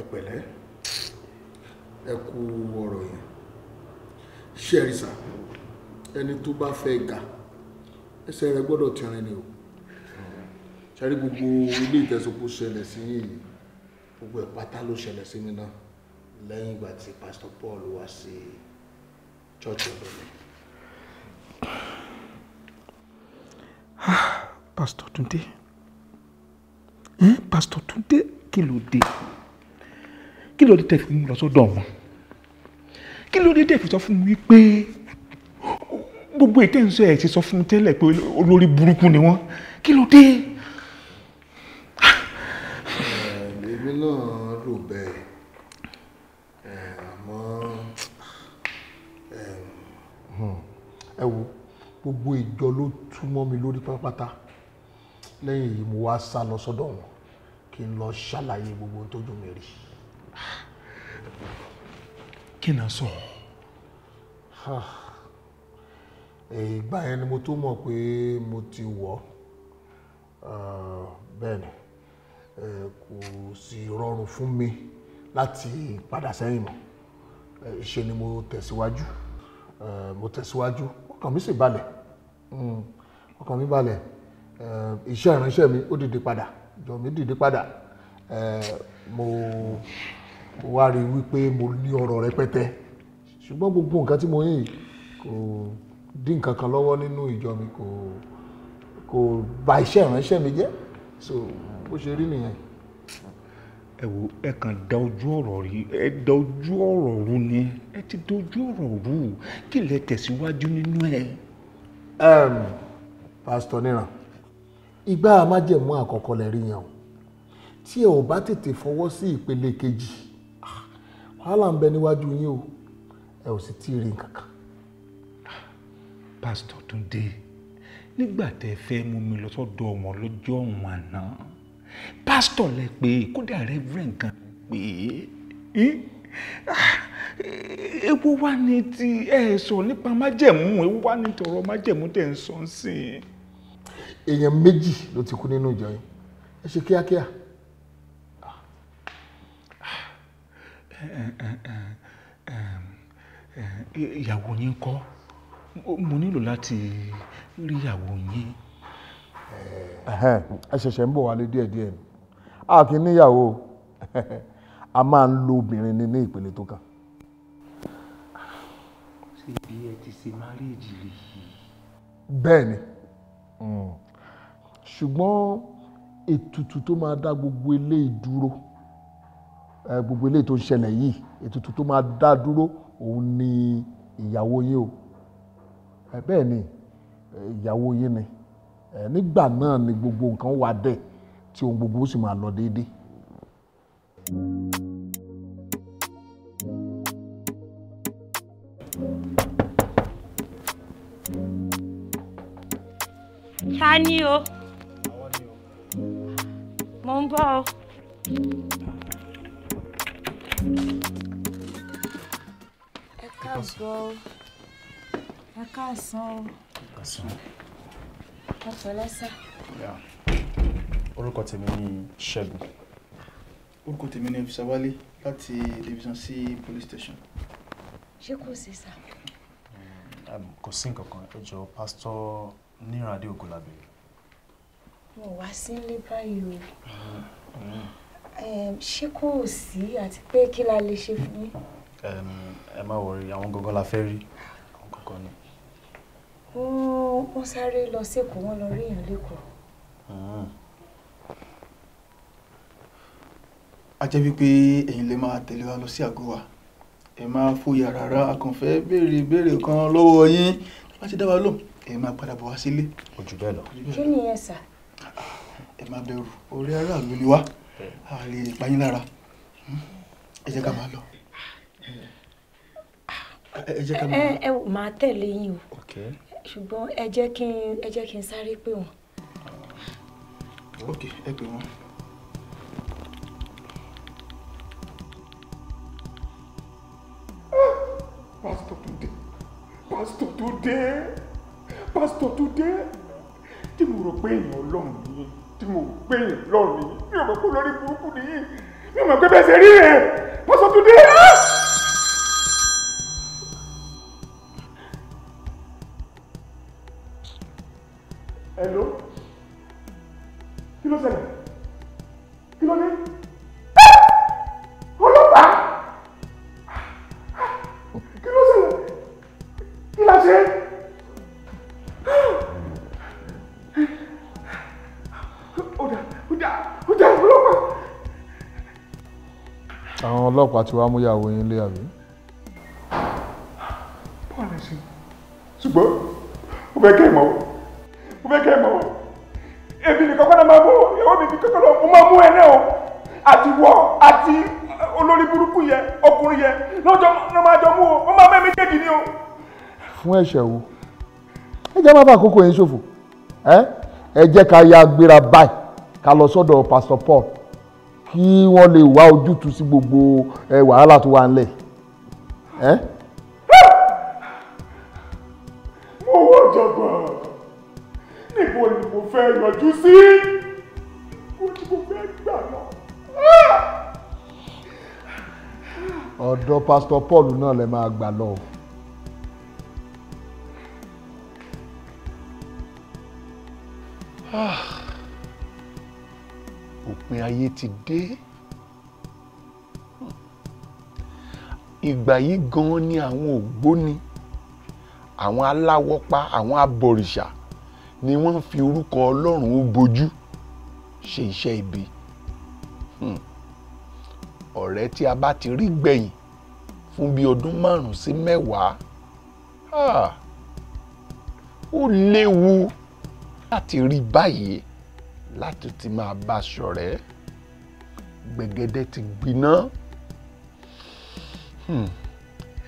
ẹ pẹ̀lẹ́ ẹ kú ọ̀rọ̀ yẹn ṣẹ́rìsà ẹni tó bá fẹ́ ga ẹsẹ̀ rẹ gbọ́dọ̀ tẹ̀rín ni o ṣẹ́rí gbogbo ilé ìtẹ̀sọ́kù ṣẹlẹ̀ sí yìí gbogbo ẹ̀ pátá ló ṣẹlẹ̀ sí mi náà lẹ́yìn ìgbà tí pásítọ̀ Paul wá sí church ọ̀dọ̀ mi. pásítọ̀ Túndé pásítọ̀ Túndé kí ló dé kí ló dé tẹ̀ fi mú lọ sọ́dọ̀ wọn kí ló dé tẹ̀ fi sọ fún mi pé gbogbo ètò ẹ̀ ti sọ fún mi tẹ́lẹ̀ pé olórí burúkú ni wọ́n kí ló dé. náà rò bẹ́ẹ̀ àmọ́ ẹ wo gbogbo ìjọ ló túmọ̀ mi lórí pátápátá lẹ́yìn yìí mo wá sá lọ sọ́dọ̀ wọn kí n lọ ṣàlàyé gbogbo ohun tójú mi rí. kí n sọ. ìgbà yẹn ni mo tó mọ̀ pé mo ti wọ̀ bẹ́ẹ̀ ni kò sì rọrùn fún mi láti padà sẹ́yìn mọ́ ṣe ni mo tẹ̀síwájú mo tẹ̀síwájú ọkàn mi sì balẹ̀ hmm, ọkàn mi balẹ̀ iṣẹ́ ìránṣẹ́ mi ó dìde padà jọ mi dìde padà mo wá rí wípé mo ní ọ̀rọ̀ rẹpẹtẹ ṣùgbọ́n gbogbo nǹkan tí mo yìn kò dín nǹkan kan lọ́wọ́ nínú ìjọ mi kò kò bà iṣẹ́ ìránṣẹ́ mi jẹ́ so bó ṣe rí nìyẹn. ẹ wo ẹ kàn da ojú ọ̀rọ̀ rí ẹ da ojú ọ̀rọ̀ rú ni ẹ ti da ojú ọ̀rọ̀ rú kí lẹ tẹ̀síwájú nínú ẹ. Ehm, pásítọ̀ níran ìgbà májẹ̀mú àkọ́kọ́ lẹ rí yẹn o tí ẹ ò bá tètè fọwọ́ sí ìpele kejì wàhálà ń bẹ níwájú yín o ẹ ò sì tí ì rí nǹkan kan. pásítọ̀ Túndé nígbà tẹ́ fẹ́ mú mi lọ sọ́dọ̀ wọn lọ́jọ́ ọ̀hún àná pastor lẹ pé kódà rẹ́fúrẹ́ǹ kan pé ewu wá ní ti ẹ sọ nípa májẹ̀mú ewu wá ní tọrọ májẹ̀mú tẹ̀ ń sọ sí i. èèyàn méjì ló ti kú nínú ìjọ yìí ẹ ṣe kíákíá. ìyàwó yín kọ́ mo nílò láti rí ìyàwó yín. ẹ ṣẹ̀ṣẹ̀ ń bọ̀ wálé díẹ̀díẹ̀ ni a kì í níyàwó a máa ń lo obìnrin ni ní ìpele tó kàn. ṣé hmm. ṣùgbọ́n ètùtù tó máa dá gbogbo eléyìí dúró gbogbo eléyìí tó ń ṣẹlẹ̀ yìí ètùtù tó máa dá dúró òun ni ìyàwó yìí o bẹ́ẹ̀ ni ni. nígbà náà ni gbogbo nǹkan wà dẹ̀ tí ohun gbogbo sì máa lọ déédéé. ta ni o mo ń bọ̀ o. ẹ káàsán ẹ káàsán ọpẹlẹ sá. orúkọ tèmi ni ṣẹ́gun. orúkọ tèmi ni fisawale láti division c police station. ṣé kò sí sá. Hmm, um, kò sí nǹkan kan ẹ jọ pásítọ̀ nírànadé ògùnlàbẹ. mo wá sílé báyìí o hmm, hmm. ṣé kò sí àti pé kí la lè ṣe fún yín. ẹ má wọrí àwọn gangan la fẹ́ rí àwọn gangan ni. ooo wọ́n sáré lọ sékòó wọ́n lọ rí èèyàn lẹ́kọ̀ọ́. a jẹ́ wípé ẹ̀yin lè máa tẹ̀lé wa lọ sí àgọ́ wa ẹ máa fòyà rárá a kàn fẹ́ béèrè ìbéèrè kan lọ́wọ́ yín tó bá ti dá wa lò ẹ máa padà bọ̀ wá sílé. ojú bẹ́ẹ̀ lọ. kí ni ẹ sà. ẹ má bẹ̀rù orí aráàlú ni wá a lè payín lára ẹ jẹ́ ká máa lọ ẹ jẹ́ ká máa. ẹ ẹ máa tẹ̀lé yín o ṣùgbọ́n ẹ jẹ́ kí n ẹ jẹ́ kí n sáré pè wọ́n. ok ẹ pè wọ́n. pásítọ̀ tó dé pásítọ̀ tó dé pásítọ̀ tó dé tí mo rò pé èèyàn ọlọ́run nìyí tí mo rò pé èèyàn ọlọ́run nìyí mi ò mọ̀ pé olórí burúkú nìyí mi ò mọ̀ pé bẹ́ẹ̀ ṣe rí rẹ̀ pásítọ̀ tó dé. ọlọ́pàá ti wá múyàwó yín lé àbí. bọ́ọ̀lù sí ṣùgbọ́n mo fẹ́ kẹ́ ẹ̀ mọ́ mo fẹ́ kẹ́ ẹ̀ mọ́ èmi nìkan kọ́nà máa mú ìyàwó mi nìkan kọ́nà mo máa mú ẹ náà o àti wọ àti olórí burúkú yẹ ọkùnrin yẹ lọ́jọ́ ló máa jọ mú o ó máa mẹ́mí kéèkì ni o. fún ẹ̀ṣẹ̀ wo ẹ jẹ́ má bàa kókó yẹn ṣòfò ẹ jẹ́ ká ya gbéra báyìí ká lọ sọ́dọ̀ pásítọ̀ Paul kí wọ́n lè wá ojútùú sí gbogbo wàhálà tó wà ńlẹ̀. mo wọ ọ̀jọ̀gbọ́n níbo ni mo fẹ́ yọjú sí mo ní mo fẹ́ gbà lọ. ọ̀dọ̀ pásítọ̀ Paul náà lè máa gbà lọ o. ayé ti dé ìgbà yìí gan-an ni àwọn ògbóni àwọn aláwọ̀pá àwọn abọ̀rìṣà ni wọ́n fi orúkọ ọlọ́run ó bojú ṣe iṣẹ́ ibi hmm. ọ̀rẹ́ tí a bá ti rí gbẹ̀yìn fún bí ọdún márùn sí mẹ́wàá ah, ó léwu láti rí báyìí láti ti máa bá ṣọ̀rẹ́ gbẹ̀gẹ́dẹ́ ti gbiná hmm,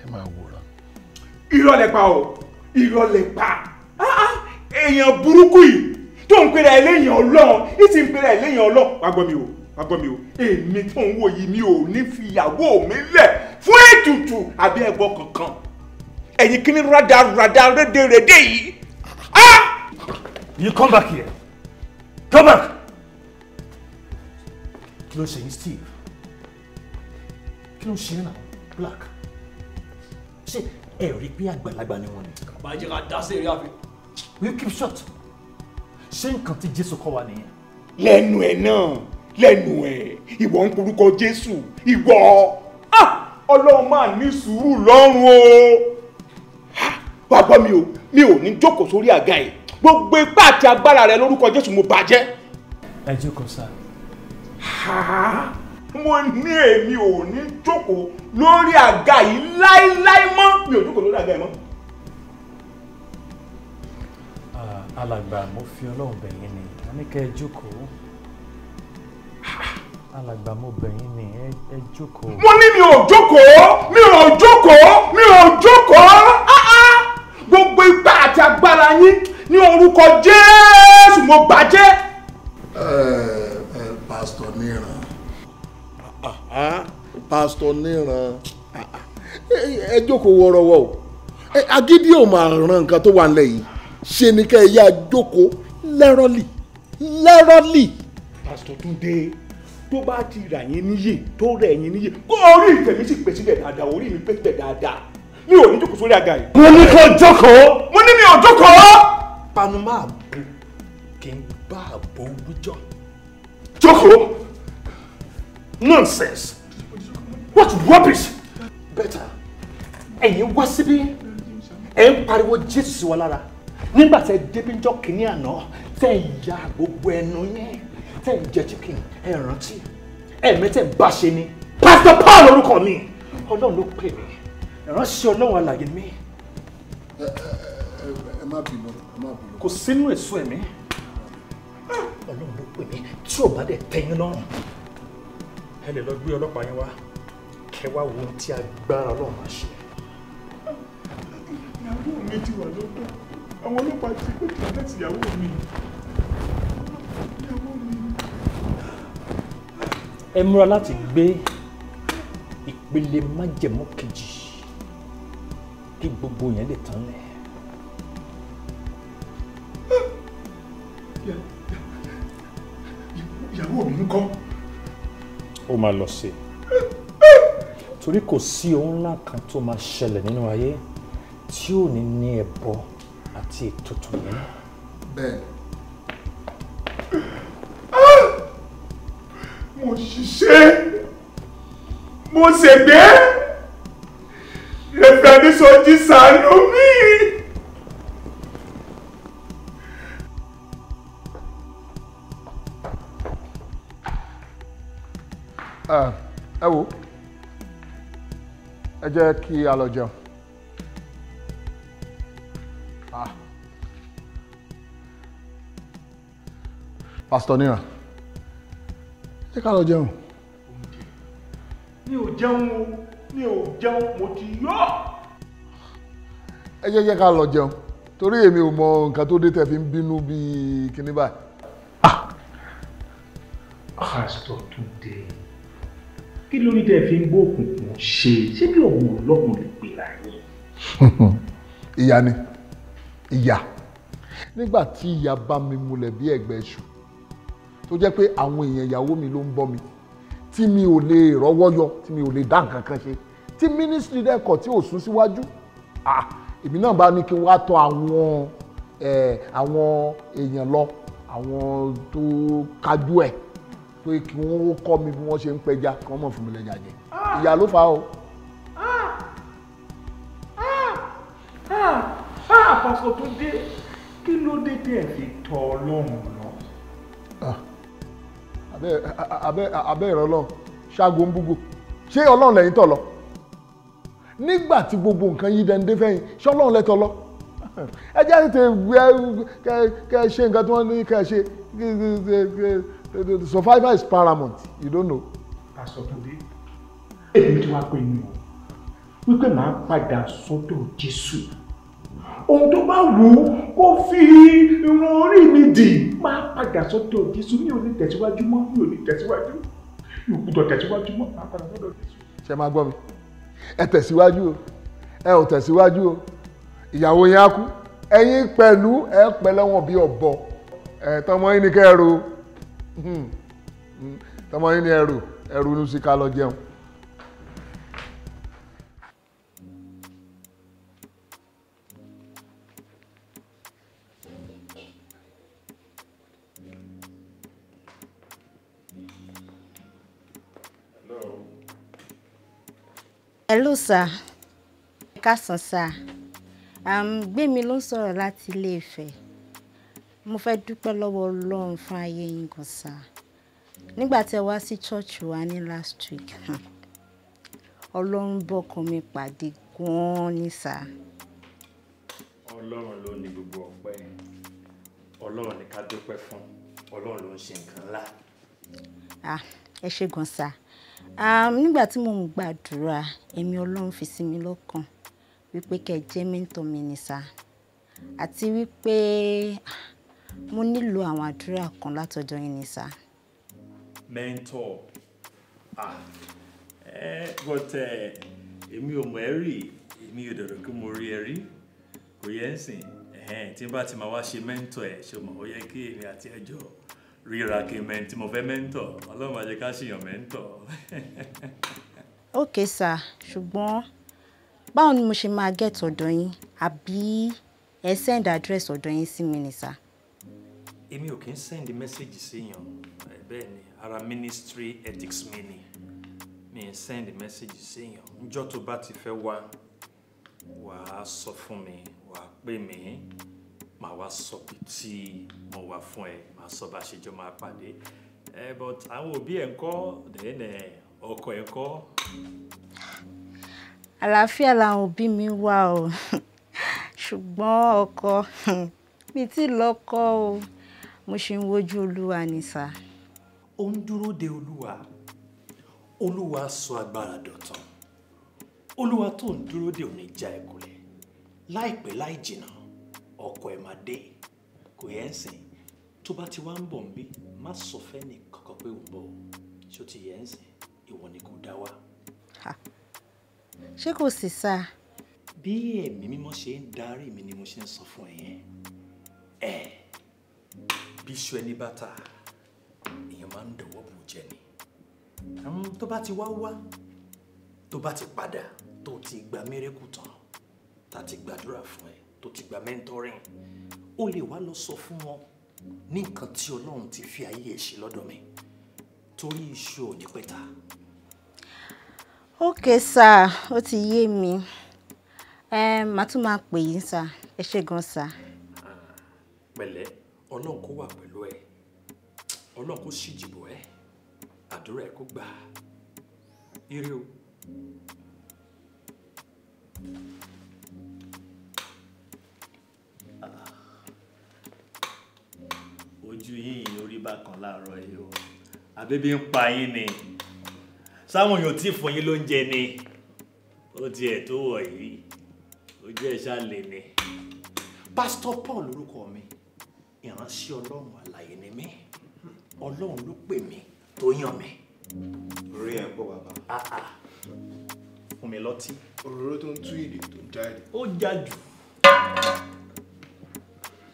ẹ máa wòran. irọ́ pa o irọ́ pa ah, ah, èèyàn burúkú yìí tó ń pera ẹ léèyàn ọlọ́run ti ń pera ẹ léèyàn ọlọ́run mi o wá mi o èmi tó ń wò yìí mi ò ní fi ìyàwó mi lẹ̀ fún ètùtù àbí ẹ̀gbọ́ kankan ẹ̀yin kí ni rádaràdà rédèrèdè yìí. Ah! You come back here. Come back ló ń ṣe yín Steve kí ló ń ṣe yín náà Black ṣé ẹ rí i pé àgbàlagbà ni wọn ni. bàbá will keep short ṣé nǹkan tí Jésù kọ́ wa nìyẹn. lẹ́nu ẹ̀ náà lẹ́nu ẹ̀ ìwọ ń porúkọ Jésù Ah, Ọlọ́run máa ní sùúrù lọ́rùn o wàá gbọ́ mi o mi ò ní jókòó sórí àga yìí gbogbo ipá àti agbára rẹ lórúkọ Jésù mo bàjẹ́. ẹ jókòó sáà mo ní èmi ò ní jókòó lórí àga yìí láíláí mọ́ mi ò jókòó lórí àga yìí mọ́. alàgbà mo fi ọlọ́run bẹ̀ yín ni a ní kẹ́ ẹ jókòó alàgbà mo bẹ̀ yín ni ẹ jókòó. mo ní mi ò jókòó mi ò jókòó mi ò jókòó gbogbo ipá àti agbára yín ní orúkọ Jésù mo gbàjẹ́. ẹẹ pásítọ̀ níran ah, ah. pásítọ̀ níran ẹ jókòó wọ́rọ́wọ́ o agídí ò máa ran nǹkan tó wà nílẹ̀ yìí ṣe ni ká ẹ yá jókòó lẹ́rọ́lì lẹ́rọ́lì. pásítọ̀ Túndé tó bá ti rà yín níyè tó rẹ̀ yín níyè kó orí ìtẹ̀mí sì pèsè dẹ̀ dáadáa orí mi pèsè dẹ̀ dáadáa mi ò ní jókòó sórí àga yìí. mo ní kó jókòó. mo ní mi ò jókòó. panu máa bu kí n bá àbò olújọ́. Joko! Nonsense! What rubbish! Better. Ẹ̀yin wá síbí, ẹ̀ ń pariwo Jésù wa lára. Nígbà tẹ débíjọ́ kìíní àná, tẹ ń ya gbogbo ẹnu yẹn, tẹ ń jẹ chicken, ẹ rántí. Ẹ̀mẹ́tẹ̀ ń bá ṣe ni. Pastor Paul orúkọ mi. Ọlọ́run ló pè mí. Ìránṣẹ́ Ọlọ́run alàyè mi. Ẹ má bínú, ẹ má bínú. Kò sínú èso ẹ̀mí ọlọ́run ló pè mí tí ò bá dẹ̀ tẹ́yìn lọ́rùn ẹ lè lọ gbé ọlọ́pàá yín wá kẹ́ wá wo ohun tí agbára ọlọ́run máa ṣe. ìyàwó mi ti wà lọ́dọ̀ àwọn ọlọ́pàá ti pè mí láti ìyàwó mi. ẹ múra láti gbé ìpele májẹ̀mú kejì kí gbogbo yẹn lè tán lẹ̀. ìyàwó mi ń kọ́. ó máa lọ sí i torí kò sí ohun ńlá kan tó máa ṣẹlẹ̀ nínú ayé tí ò ní ní ẹbọ àti ètùtù nínú. bẹ́ẹ̀ mo ṣiṣẹ́ mo ṣègbè rẹ̀fẹ̀ àdìsọ́jí ṣàánú mi. Ah, ẹ wo ẹ jẹ́ kí a lọ jẹun. Ah. Pastor Nira ṣé ká lọ jẹun. mi ò jẹun o mi ò jẹun mo ti yọ. ẹ jẹ́ jẹ́ ká lọ jẹun torí èmi ò mọ nǹkan tó dé tẹ̀ fi ń bínú bíi kíní báyìí. Ah. Pastor Tunde kí ló ní tẹ́ fi ń gbóòkùn kùn ṣe ṣé bí ọ̀gbun ọlọ́run lè pè láyé. ìyá ni ìyá nígbà tí ìyá bá mi múlẹ̀ bí ẹ̀gbẹ́ iṣu tó jẹ́ pé àwọn èèyàn ìyàwó mi ló ń bọ́ mi tí mi ò lè rọ́wọ́ yọ tí mi ò lè dá nǹkan kan ṣe tí mínísítírì dẹ́kọ̀ tí ò sún síwájú èmi náà bá ní kí n wá tọ̀ àwọn èèyàn lọ àwọn tó kájú ẹ̀ pé kí wọ́n kọ́ mi bí wọ́n ṣe ń pẹja kí wọ́n mọ̀ fún mi lẹ́jà jẹ ìyá ló fà á o. àpapọ̀ tó dé kí ló dé tí ẹ fi tọ ọlọ́run lọ. Ah, abẹ́ ìrọ̀lọ́ ṣáàgó ń búgbò ṣé ọlọ́run lẹ́yìn tọ̀ lọ nígbà tí gbogbo nǹkan yí dẹ́ndé fẹ́yìn ṣé ọlọ́run lẹ́ tọ̀ lọ ẹ jẹ́ tètè kẹ́ ṣe nǹkan tí wọ́n ní kẹ́ ṣe Eh, the survivor is paramount you don't know. àsọtòdé èmi tí wàá pè ní o wípé màá padà sọ́dọ̀ jésù ohun tó bá wù ú kó fi irun orí mi dì máa padà sọ́dọ̀ jésù mi ò ní tẹ̀síwájú mọ́ mi ò ní tẹ̀síwájú mi ò gbọ́dọ̀ tẹ̀síwájú mọ́ máa padà sọ́dọ̀ jésù. ṣe máa gbọ́ mi ẹ tẹ̀síwájú o ẹ ò tẹ̀síwájú o ìyàwó yẹn á kú ẹ̀yin pẹ̀lú ẹ pẹ̀lẹ́wọ̀n bíi ọ̀bọ ẹ̀ tọmọ yín ni kẹ́ ẹ ro. Hmm. Hmm. tọmọ yín ní ẹrù ẹrù inú sí ká lọ jẹun. hello sir ẹ káàsán sir um, gbẹ̀mí ló ń sọ̀rọ̀ láti ilé Ifẹ̀ mo fẹ́ dúpẹ́ lọ́wọ́ Ọlọ́run fún ayé yín gan sa nígbà tí ẹ wá sí ṣọ́ọ̀ṣì wa ní last week Ọlọ́run bọ́kàn mi pàdé gan-an ní sa. Ọlọ́run ló ní gbogbo ọpẹ́ Ọlọ́run ni ká dúpẹ́ fún Ọlọ́run ló ń ṣe nǹkan ńlá. ẹ ṣe gan sa nígbà tí mo ń gbàdúrà ẹ̀mí Ọlọ́run fi sí mi lọ́kàn wípé kẹ́ jẹ́ mẹ́ńtọ́ mi ní sa àti wípé. Ah, mo nílò àwọn àdúrà kan látọ̀dọ̀ yín ni sá. mentor ah ẹ but èmi ò mọ̀ ẹ́ rí èmi ò dọ̀dọ̀ kí mo rí ẹ rí kò yẹ ń sìn tí n bá ti máa wá ṣe mentor ẹ̀ ṣe mọ̀ ó yẹ kí èmi àti ẹjọ́ ríra kí n tí mo fẹ́ mentor ọlọ́run máa ká ṣèyàn mentor. okay sá ṣùgbọ́n báwo ni mo ṣe máa gẹ̀tọ̀ ọ̀dọ̀ yín àbí ẹ send address ọ̀dọ̀ yín sí mi ni sá èmi ò kì í send message séèyàn bẹ́ẹ̀ ni ara ministry ethics mi ni mi ì send message séèyàn níjọ́ tó bá ti fẹ́ wá wàá sọ fún mi wàá pè mí màá wá sọ pé tí mo wà fún ẹ màá sọ bá ṣe jọ máa pàdé ẹ but àwọn òbí ẹ ń kọ́ dẹ́nẹ̀ ọkọ ẹ kọ́. àlàáfíà làwọn òbí mi wà o ṣùgbọ́n ọkọ mi ti lọ́kọ o mo ṣe ń wojú olúwa ni sá. ó ń dúró de olúwa olúwa sọ agbára dọ̀tàn olúwa tó ń dúró de òní já ẹ kulẹ̀ láìpẹ́ láì jìnnà ọkọ ẹ̀ máa dé kò yẹ ń sìn tó bá ti wá ń bọ̀ ń bí má sọ fẹ́ ní kankan pé ò ń bọ̀ ṣó ti yẹ sìn ìwọ ni kò dá wa. ṣé kò sì sá. bí ẹ̀mí mímọ́ ṣe ń darí mi ni mo ṣe ń sọ fún ẹ yẹn ẹ̀. Eh bíṣu ẹni bàtà èèyàn máa ń dọ̀wọ́ bù jẹ ni tó bá ti wá wá tó bá ti padà tó ti gba mérekù tán tá ti gbàdúrà fún ẹ tó ti gba mẹ́ńtọ́rìn ó lè wá lọ sọ fún wọn ní nǹkan tí ọlọ́run ti fi ayé ẹ̀ ṣe lọ́dọ̀ mi torí iṣu ò pẹ́ta. okay sir ó ti yé mi màá tún máa pè yín sir ẹ ṣé gan sir. pẹ̀lẹ́. Uh, ọlọ́run kó wà pẹ̀lú ẹ ọlọ́run kó sì jìbò ẹ àdúrà ẹ kó gbà ire o. ojú yìnyín orí bákan láàárọ̀ yìí o àbẹ́bí ń pa yín ni sáwọn èèyàn tí fún yín lóúnjẹ ni ó tiẹ̀ tó wọ̀ yìí ojú ẹ̀ ṣáà lè ní. pásítọ̀ Paul lórúkọ mi ìránṣẹ́ ọlọ́run àlàyé ni mí ọlọ́run ló pè mí tó yàn mí. orí ẹ̀ pọ̀ bàbá. fún mi lọ́tí. òróró tó ń tú èdè tó ń jáde. ó já jù.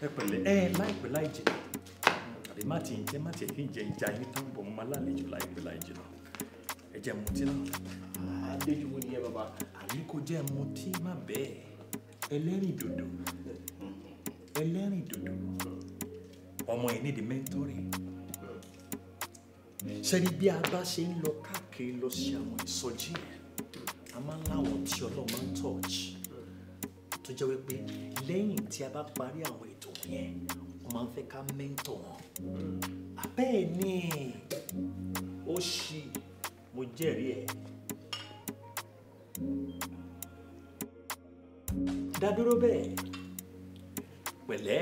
ẹ pẹ̀lẹ́ ẹ láìpẹ́ láì jẹ àbí má ti ń jẹ má ti fi ń jẹ ìjà yín tó ń bọ̀ mọ́ alálejò láìpẹ́ láì jẹ náà ẹ jẹ́ mutí náà. adéjúwò nìyẹn bàbá. àbí kò jẹ́ mutí má bẹ́ẹ̀ ẹlẹ́rìn dòdò ẹlẹ́rìn dòdò ọmọ yìí need mentoring ṣẹ́ni bí a bá ṣe ń lọ káàkiri lọ sí àwọn ìsọjí yẹn a máa ń láwọn tí ọlọ́run máa ń touch tó jẹ́ wípé lẹ́yìn tí a bá parí àwọn ètò yẹn wọ́n máa ń fẹ́ ká mentor wọn abẹ́ẹ̀ ni ó ṣì mo jẹ́rìí ẹ̀. dádúró bẹ́ẹ̀ pẹ̀lẹ́.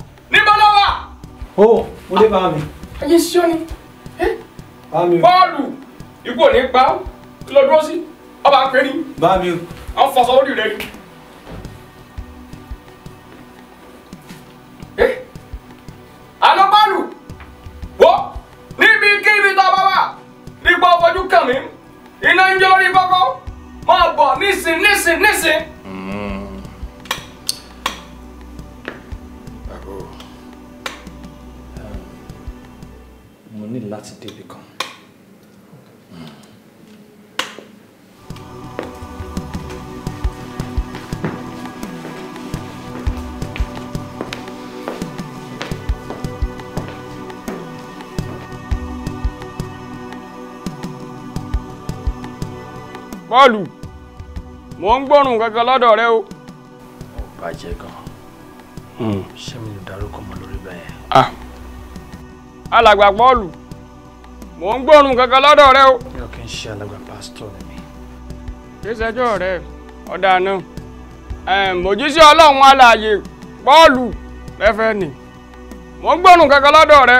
níbo ló wà. ó mo dé bá mi. ayé ṣíṣọ́ ni bọ́ọ̀lù ikú ò ní pa ọ́ kí ló dúró sí ọba pé ni. bá mi o. àwọn fọṣọ lórí rẹ ni. àná bọ́ọ̀lù wo níbi kíbi tó bá wà nígbà ọ̀fọ̀jú kàn mí iná ń jó lórí kọ́kọ́ máa bọ̀ nísìn nísìn nísìn. Hmm. mo ní láti débi kan. Pọ́ọ̀lù, mò ń gbọ́rùn kankan lọ́dọ̀ rẹ o. Ó bàjẹ́ gan-an. Hmm. Ṣé mi ò dárúkọ mọ́ lórí bẹ́ẹ̀? Ah. alàgbà Pọ́ọ̀lù mò ń gbóòórùn kankan lọ́dọ̀ rẹ o. mi ò kí ń ṣe alàgbà pásítọ̀ ni mi. ṣéṣẹjọ́ rẹ ọ̀dà náà mòjíṣẹ́ ọlọ́run mò ń kankan lọ́dọ̀ rẹ.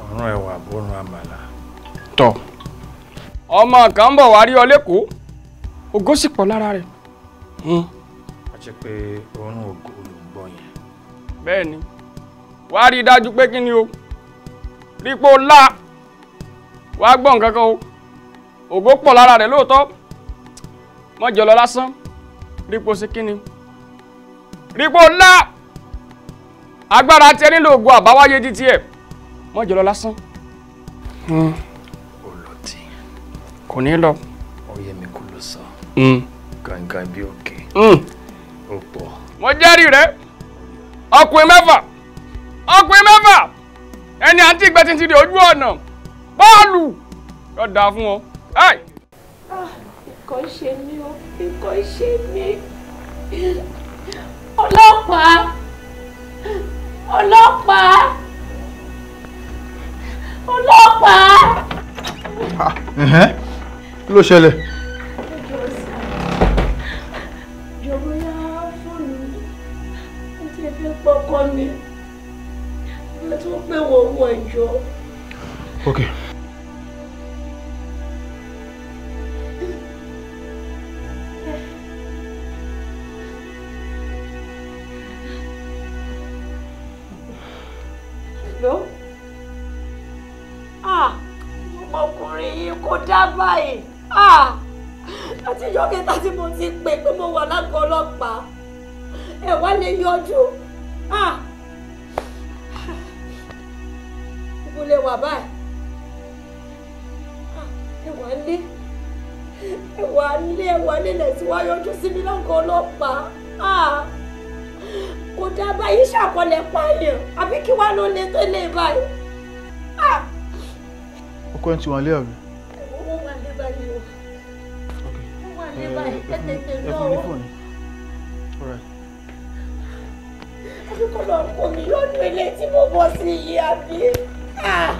ọ̀run ẹ̀wà ọmọ kan ń bọ̀ wá ọ lẹ́kọ̀ọ́ sì pọ̀ lára rẹ̀. ni wàá rí i dájú pé kí ni o rí i pé o lá wàá gbọ́ nǹkan kan o ògo pọ̀ lára rẹ̀ lóòótọ́ mọ̀jẹ̀ lọ lásán rí i pé o ṣe kí ni rí i pé o lá agbára tiẹ̀ nílò ògo àbáwáyé di tiẹ̀ mọ̀jẹ̀ lásán. Hmm. ó lọ tí. kò ní lọ. ọyẹ mi kò lọ sàn. gàǹgà bí òkè. Hmm. ó pọ̀. mo jẹ́rìí rẹ ọkùnrin mẹ́fà ọkùnrin mẹ́fà ẹni àǹtí ìgbẹ́tìntì rẹ̀ ojú ọ̀nà bọ́ọ̀lù yóò dáa fún wọn. nǹkan ṣe mí o nǹkan ṣe mí ọlọ́pàá ọlọ́pàá ọlọ́pàá. kí ló ṣẹlẹ̀. jọ̀wọ́ yá fóònù mi ó ti fi ẹ tún pè wọ́n owó okay. kọ́lẹ̀ pààyàn àbí kí wàá ló lè tó lè báyìí. Ah! ọkọ ẹ ti wà lé àbí. ó wà lé báyìí o ó wà lé báyìí eh, eh, eh, ẹ tètè lọ o. àbíkọ́ lọ kò mí lọ́dún ilé tí mo bọ̀ sí iye àbí. Ah!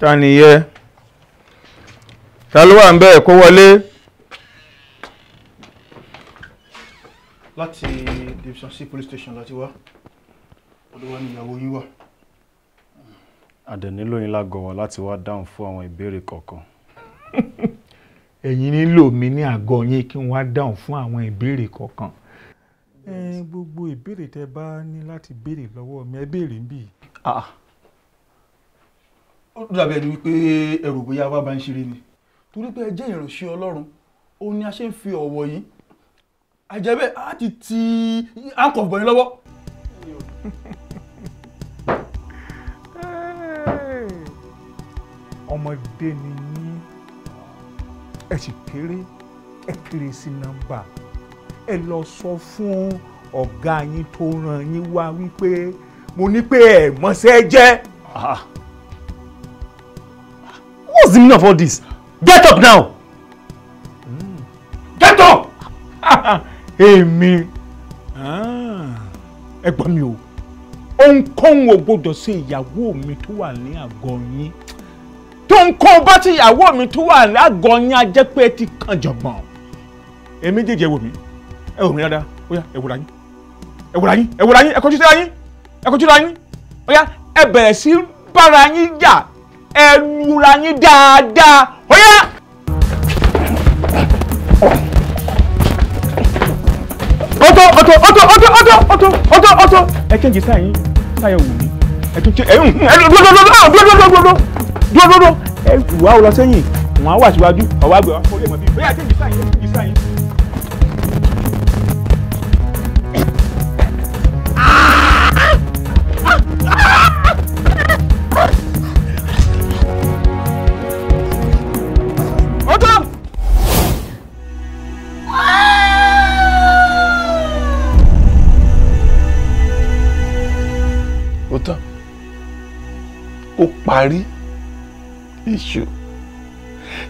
Ta ni yẹ? ta ló wà ń bẹ́ẹ̀ kó wọlé. láti division c police station láti wá ọ̀dọ̀ wa ni ìyàwó yín wà. àdẹ̀nílò yín lágọ̀ wá láti wá dáhùn fún àwọn ìbéèrè kọ̀ọ̀kan. ẹ̀yin nílò mi ní àgọ́ yín kí n wá dáhùn fún àwọn ìbéèrè kọ̀ọ̀kan. gbogbo ìbéèrè tẹ bá ní láti béèrè lọ́wọ́ mi ẹ béèrè ń bì. Ah. ó dàbí ẹni wípé ẹrù bóyá wá bá ń ṣeré ni torí pé ẹ jẹ́ ìránṣẹ́ ọlọ́run òun ni a ṣe ń fi ọ̀wọ̀ yìí àjẹbẹ́ á ti ti àǹkọ̀ bọ̀ yín lọ́wọ́. ọmọdé ni yín ẹ sì kéré ẹ kéré sí nọ́mbà ẹ lọ sọ fún ọ̀gá yín tó ràn yín wá wípé mo ní pé ẹ mọ̀ṣẹ́ jẹ́. Ah, ah. what's the meaning of all this? get up now mm. get up èmi ah. ẹ gbà mí o ohunkóhun ò gbọdọ̀ ṣe ìyàwó mi tó wà ní àgọ́ yín tó ń kó bá ti ìyàwó mi tó wà lágọ̀ọ́ yín ajẹ́ pé ẹ ti kàn jọ̀gbọ̀n èmi jẹ́jẹ́ ẹ wò mí ẹ wò mí dáadáa ó yá ẹ wòra yín ẹ wòra yín ẹ wòra yín ẹ kọjú síra ẹ kọjú síra ó yá ẹ bẹ̀rẹ̀ sí bára yín jà ẹ lura yín dáadáa ó yá. ọtọ ọtọ ọtọ ọtọ ọtọ ọtọ ọtọ ọtọ ẹ kéjì sáà yín wù mí ẹ tún ṣe ẹ ń dúdúdúdúdúdúdúdúdúdú dúdúdúdú ẹ wù wá ọ lọ sẹ́yìn wọn á wà síwájú ọwọ́ àgbẹ̀ wọn kò lè mọ bí bóyá kéjì sáà yín kéjì parí èṣù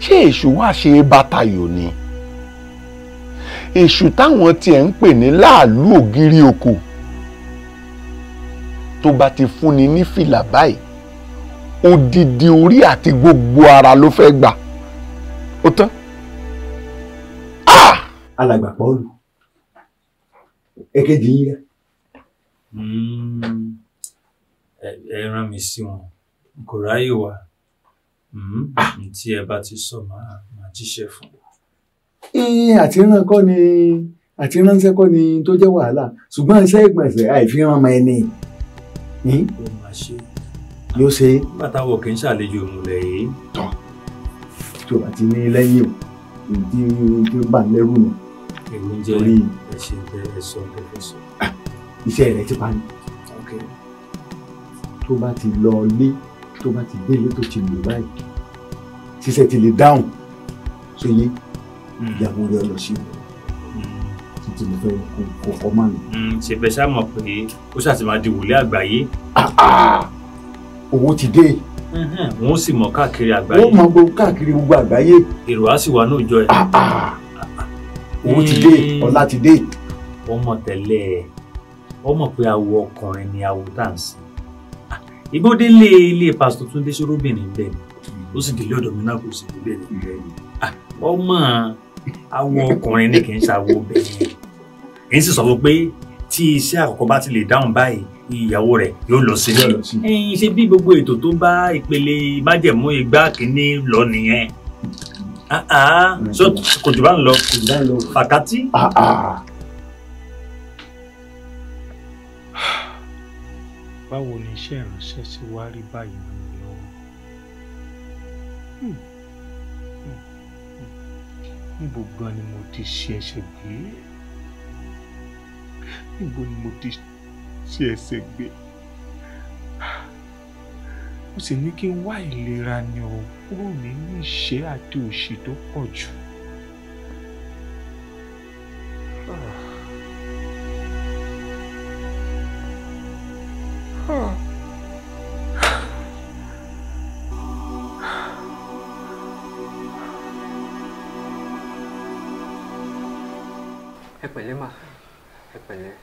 ṣé èṣù wá ṣe bàtàyò ni èṣù táwọn tiẹ̀ ń pè ní láàlú ògiri oko tó bá ti fúnni ní fìlà báyìí odidi orí àti gbogbo ara ló fẹ́ gbà ó tán. Ah! alàgbà Pọ́ọ̀lù èkejì yín rẹ. Hmm. ẹ rán mi sí wọn kò ráyè wá tí ẹ bá ti sọ máa jíṣẹ́ fún un. iye àtiran kọ́ ni àtiránṣẹ́ kọ́ ni tó jẹ́ wàhálà ṣùgbọ́n iṣẹ́ ìgbọ̀nsẹ̀ àìfihàn ọmọ ẹni. Hmm? ó máa ṣe yóò ṣe. bàtàwọ̀ kì í ṣàlejò ìmùlẹ̀ yìí. tán tí o bá ti ní lẹ́yìn o ìdí tí ó bà lẹ́rù nù. èmi jẹ́ ẹ̀ṣẹ̀ ẹ̀ṣọ́ pẹ̀fẹ́sọ̀. Ah, iṣẹ́ rẹ̀ ti pa ni. tó bá ti lọ lé tó bá ti délé tó ti lò báyìí ṣiṣẹ́ ti lè dáhùn tó yé hmm. ìyàwó rẹ lọ sí títí mo fẹ́ kó kọ́ mọ́ ni. Hmm, ṣe bẹ́ẹ̀ ṣá mọ̀ pé ó ṣàti máa di wòlé àgbáyé. Ah, ah! owó ti dé. wọ́n sì mọ̀ káàkiri àgbáyé. wọ́n mọ̀ gbogbo káàkiri gbogbo àgbáyé. èrò á sì wà ní òòjọ́ ẹ̀. Ah, owó ti dé eh. ọlá ti dé. wọ́n mọ̀ tẹ́lẹ̀ ẹ wọ́n mọ̀ pé awo ọkùnrin ni awo tá à ìgbódélé ilé pásítọ̀ Túndé sórúbìnrin bẹ́ẹ̀ ó sì délé ọ̀dọ̀ mi náà kò sì délé bẹ́ẹ̀ ah, ọmọ awọ ọkùnrin ní kì í ṣàwọ bẹ́ẹ̀ kì í sì sọ pé tí iṣẹ́ àkọ́kọ́ bá ti lè dáhùn báyìí ìyàwó rẹ̀ yóò lọ sí i ṣe bí gbogbo ètò tó bá ìpele májẹ̀mú igbá kínní lọ nìyẹn ah, ah, mm. kò jù bá ń lọ fàkàtì. báwo ni iṣẹ́ ìránṣẹ́ ṣe wá rí báyìí mọ́ mi lọ́wọ́ hmm. Hmm. Hmm. níbo gan ni mo ti ṣe ẹsẹ̀ gbé níbo ni mo ti ṣe ẹsẹ̀ gbé mo sì ní kí n wá ìlera ni o kúrò nínú ìṣẹ́ àti òṣì tó pọ̀ jù. Oh. ẹ pẹ̀lẹ́ mà ẹ pẹ̀lẹ́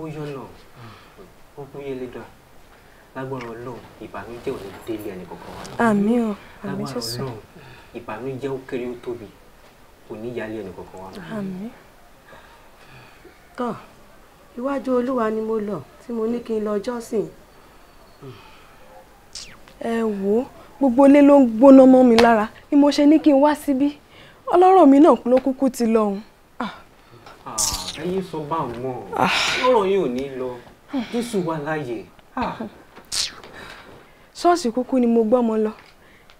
ó yọ̀nà ó kúyè lẹ́dọ̀ọ́ lágbára ọlọ́run ìbànújẹ́ ò ní délé ẹnì kankan wa náà àmín o àmín Jésù lágbára ọlọ́run ìbànújẹ́ ó kéré ó tóbi kò ní yálé ẹnì kankan wa náà. àmín tọ́ iwájú olúwa ni mo lọ tí mo ní kí n lọ jọ́sìn ẹ wò ó gbogbo ilé ló ń gbóná mọ́ mi lára ni mo ṣe ní kí n wá síbí ọlọ́rọ̀ mi náà ló kúkú ti lọ́hùn. Ah. Ah, ẹyin sọ bá wọn ah. ọ̀rọ̀ yìí ò ní lọ jésù wà láàyè. ṣọ́ọ̀ṣì kúkú ni mo gbọ́mọ lọ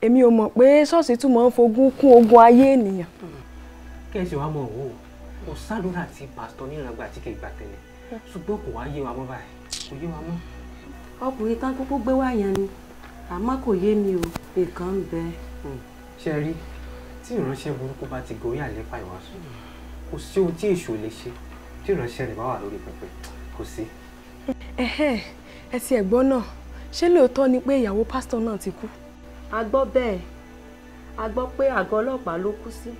èmi ò mọ̀ pé ṣọ́ọ̀ṣì tún máa ń fogún kún ogun ayé ènìyàn. kẹ́sì wa mọ̀ wò ó kò sálórà àti pásítọ̀ nílànà àti kẹgbà tẹ̀lé ṣùgbọ́n kò wá yé wa mọ́ báyìí kò yé wa mọ́. ọkùnrin tán kúkú gbé wáyà ni àmọ́ kò yé mi o nǹkan ń bẹ. Hmm, ṣe rí tí ìránṣẹ́ burúkú bá ti gorí àlééfà ìwàásù kò sí ohun tí èṣù lè ṣe tí ìránṣẹ́ rẹ̀ bá wà lórí pẹpẹ kò sí. ẹ ti ẹ̀gbọ́n náà ṣé lóòótọ́ ni pé ìyàwó pásítọ̀ náà ti kú. a gbọ́ bẹ́ẹ̀ a gbọ́ pé àgọ́ ọlọ́pàá ló kú sí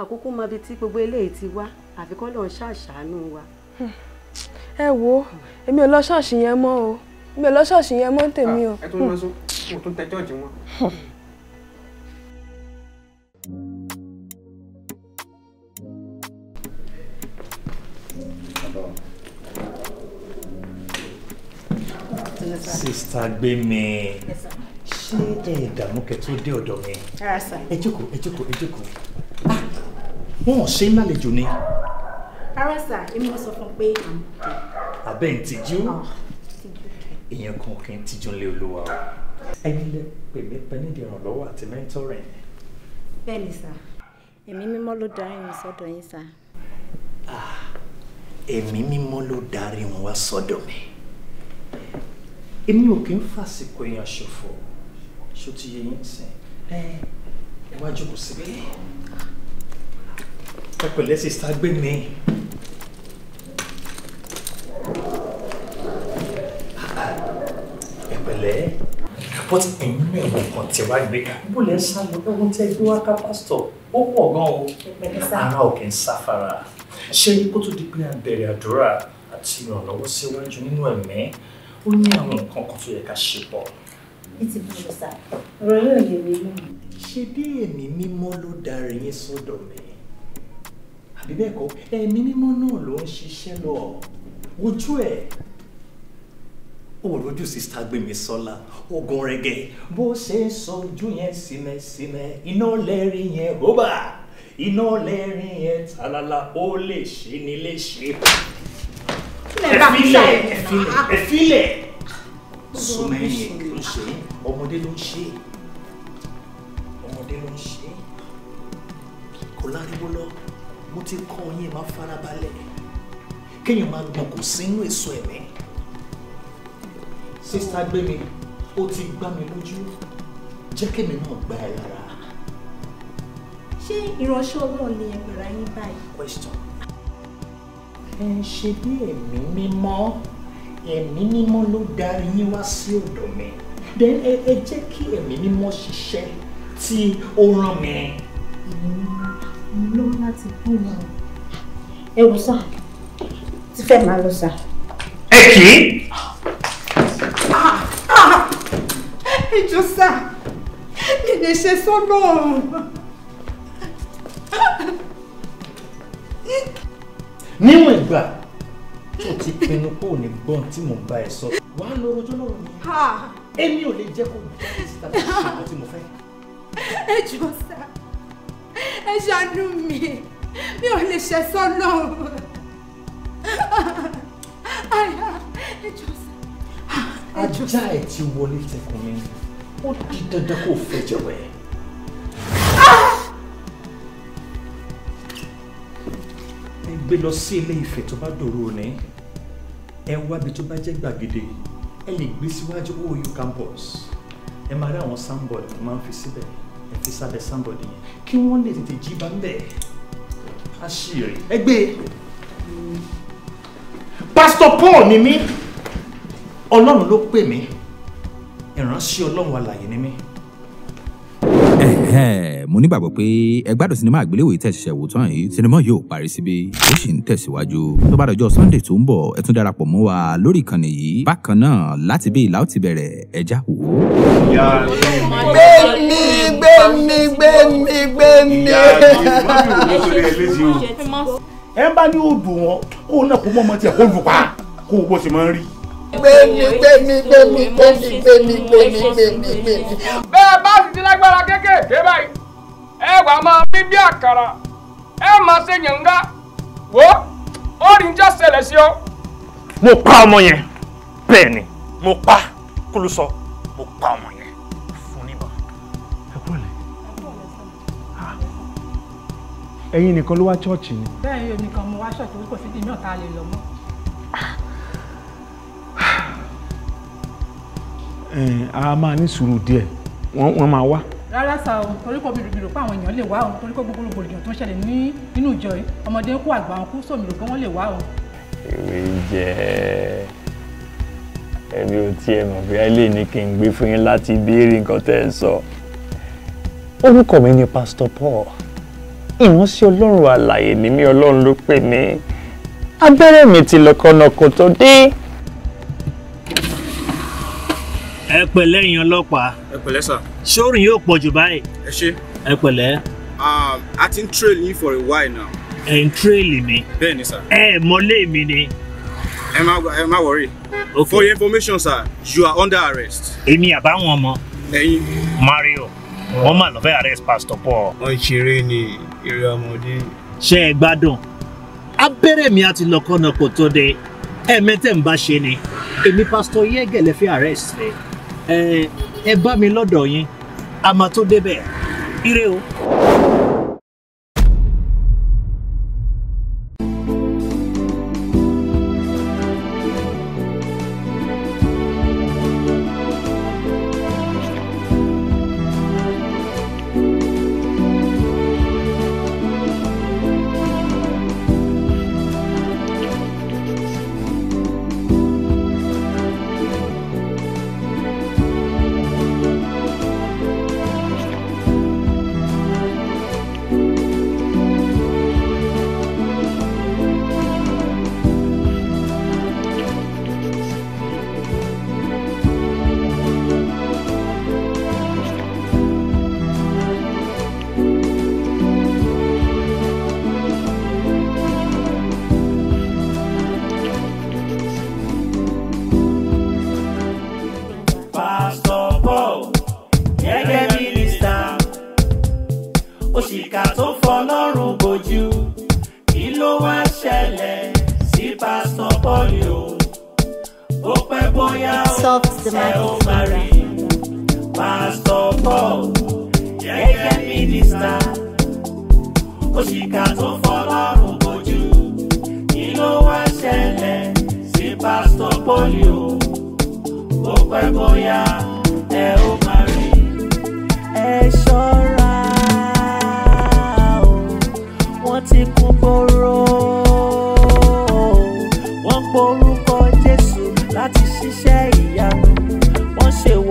àkókò mọ ibi tí gbogbo eléyìí ti wá àfikọ́ lọ́n ṣàṣàánú wa. Hmm. ẹ wo èmi ò lọ ṣọ́ọ̀ṣì yẹn mọ́ o mi ò lọ ṣọ́ọ̀ṣì yẹn mọ́ tèmi ah, o. ẹ tó ń lọ sọ mo tún tẹ jọ́ọ̀jì wọn. sista Gbémi ṣé ẹ ìdààmú kẹtù dé ọ̀dọ̀ mi ẹ jókòó ẹ jókòó ẹ jókòó ah, wọn ò ṣe ń lálejò ni. rárá sà èmi ò sọ fún un pé. abẹ́ èèyàn kan kì í tijú ńlẹ̀ olúwa o ẹni lẹ pè mí pẹ́ nídìí ìrànlọ́wọ́ àti mẹ́ńtọ́rẹ̀ yẹn. bẹ́ẹ̀ni sá ẹ̀mí mímọ́ ló darí mi sọ́dọ̀ yín sá. Ah, ẹ̀mí mímọ́ ló darí wọn wá sọ́dọ̀ mi èmi ò kí ń fàsìkò èèyàn ṣòfò ṣó ti yẹ yín sìn ẹ wá jókòó síbí ẹ pẹ̀lẹ́ sísá gbé mi. pẹ̀lẹ́ bó ti pín ní ẹ̀wọ̀n kan tí wàá gbé ká bó lẹ́ sá lọ ẹ̀wọ̀n tẹ́ gbé wá ká pásítọ̀ ó pọ̀ gan-an ara ò kì í sáfara ṣé kó tó di pé a bẹ̀rẹ̀ àdúrà àti ìrànlọ́wọ́ síwájú nínú ẹ̀mí ó ní àwọn nǹkan kan tó yẹ ká ṣe pọ̀. bí ti bọ̀ sá ọ̀rọ̀ yóò yẹ mi lónìí. ṣé bí ẹ̀mí mímọ́ ló darí yín sọ́dọ̀ mi àbí bẹ́ẹ̀ kọ́ ẹ̀mí mímọ́ náà ló ń ṣiṣẹ́ lọ ojú ẹ̀ òrojú sista Gbémisọ́lá ogun rẹ̀gẹ̀ bó ṣe ń sọ ojú yẹn símẹ́símẹ́ iná lẹ́rìn yẹn bóbá iná lẹ́rìn yẹn tàlálà ó lè ṣe ni ṣe. ẹ̀fílẹ̀ ẹ̀fílẹ̀ ẹ̀fílẹ̀ sùmẹ́yìn ló ṣe ọmọdé ló ń ṣe ọmọdé ló ń ṣe kò láriwo lọ mo ti kọ́ yín máa farabalẹ̀ kéèyàn máa gbọ̀n sínú èso ẹ̀mí sísá gbé mi ó ti gbá mi lójú jẹ́ kémi náà gbá ẹ lára. ṣé ìránṣẹ́ ọlọ́run ni ẹgbẹ̀rún yín báyìí. question. ẹ ṣe bí ẹ̀mí mímọ́ ẹ̀mí mímọ́ ló darí yín wá sí ọ̀dọ̀ mi then ẹ jẹ́ kí ẹ̀mí mímọ́ ṣiṣẹ́ tí ó ràn mí. mo ló láti gbọ́ wọn. ẹ wò sá ti fẹ́ máa lọ sá. ẹ kì í. ìjọ sá mi lè ṣe sọ́nà ọ̀hún. níwọ̀n ìgbà tó ti pinnu kó o ní gbọ́n tí mò ń bá ẹ sọ wàá lọ rojọ́ lọ́rùn mi èmi ò lè jẹ́ kó o síta láti tí mo fẹ́. ẹ jọ ẹ ṣàánú mi mi ò lè ṣe sọ́nà ọ̀hún. ajá ẹ ti wọlé tẹkùn mi. O di dandan kó fẹ́ jẹ̀wẹ̀. ẹ gbé lọ sí ilé ìfẹ́ tó bá dòrò ní ẹ wábi tó bá jẹ́ gbàgede ẹ lè gbé síwájú OU campus ẹ máa rí àwọn sanbọọdù tó máa ń fi síbẹ̀ ẹ fi sábẹ́ sanbọọdù yẹn kí wọ́n lè tètè jí bá ń bẹ̀ á ṣì rí ẹ gbé pásítọ̀ Paul ni mí ọlọ́run ló pè mí ìránṣẹ́ ọlọ́run alàyè ni mí. mo nígbàgbọ́ pé ẹ gbádùn sinimá àgbéléwò yìí tẹ̀síṣẹ́ wò tán yìí sinimá yóò parí síbi ó sì ń tẹ̀síwájú tó bá dọjọ́ sunday tó ń bọ̀ ẹ tún darapọ̀ mọ́ wa lórí ìkànnì yìí bákan náà láti bí ìlà ó ti bẹ̀rẹ̀ ẹja wò. gbẹ̀mí gbẹ̀mí gbẹ̀mí gbẹ̀mí. ẹ bá ní odò wọn kó náà kó mọ́ ọmọ tiẹ̀ kó lù pa kó bó ṣe máa ń rí gbẹmí gbẹmí gbẹmí gbẹmí gbẹmí gbẹmí gbẹmí gbẹmí. bẹ́ẹ̀ bá sì ti lágbára kéékèèké báyìí ẹ wàá máa bí bí àkàrà ẹ máa ṣe yànga wò ó rí njẹ́ ṣẹlẹ̀ sí ọ. mo pa ọmọ yẹn bẹ́ẹ̀ ni mo pa kúlù mo pa ọmọ yẹn fún níbọn. ẹ kúrò lẹ ẹ̀yin nìkan ló wá ṣọ́ọ̀ṣì ni. bẹ́ẹ̀ ni èmi kan mo wá ṣọ́ọ̀ṣì kò sí ibi náà tá a lè lọ mọ́ a máa ní sùúrù díẹ̀ wọ́n máa wá. rárá sá o torí pé obìnrin rò pé àwọn èèyàn lè wá o torí pé gbogbo rògbòdìyàn tó ń ṣẹlẹ̀ ní inú ìjọ yìí ọmọdé ń kó àgbà ń kú sómi rò pé lè wá o. ìwé jẹ ẹbí o tiẹ̀ mọ̀ bí ẹ lè ní kí n gbé fún yín láti béèrè nǹkan tẹ́ ẹ sọ. orúkọ mi ni Pastor Paul ìránṣẹ́ ọlọ́run àlàyé ni mí ọlọ́run ló pè mí abẹ́rẹ́ mi ti lọ́kọ̀ọ́nà kò tó dé. ẹ pẹ̀lẹ́ ẹ̀yin ọlọ́pàá ẹ pẹ̀lẹ́ sà ṣóòrùn yóò pọ̀ jù báyìí ẹ ṣe ẹ pẹ̀lẹ́. Um, a ti ń trail yín for a while now. ẹ ń trail mi. bẹ́ẹ̀ ni sà. ẹ mọ́lé mi ni. ẹ má ẹ má worry. okay for your information sir you are under arrest. èmi àbáwọn ọmọ. ẹ̀yin. Mario wọn mà lọ arrest Pastor Paul. wọn ṣeré ni eré ọmọdé. ṣé ẹ gbádùn abẹ́rẹ́ mi àti lọ́kọ́nà kò tó de ẹ̀ẹ́mẹ́tẹ̀ ń bá ṣe ni èmi Pastor Yege lè fi arrest ni ẹ bá mi lọ́dọ̀ yín a máa tó débẹ̀ ire o.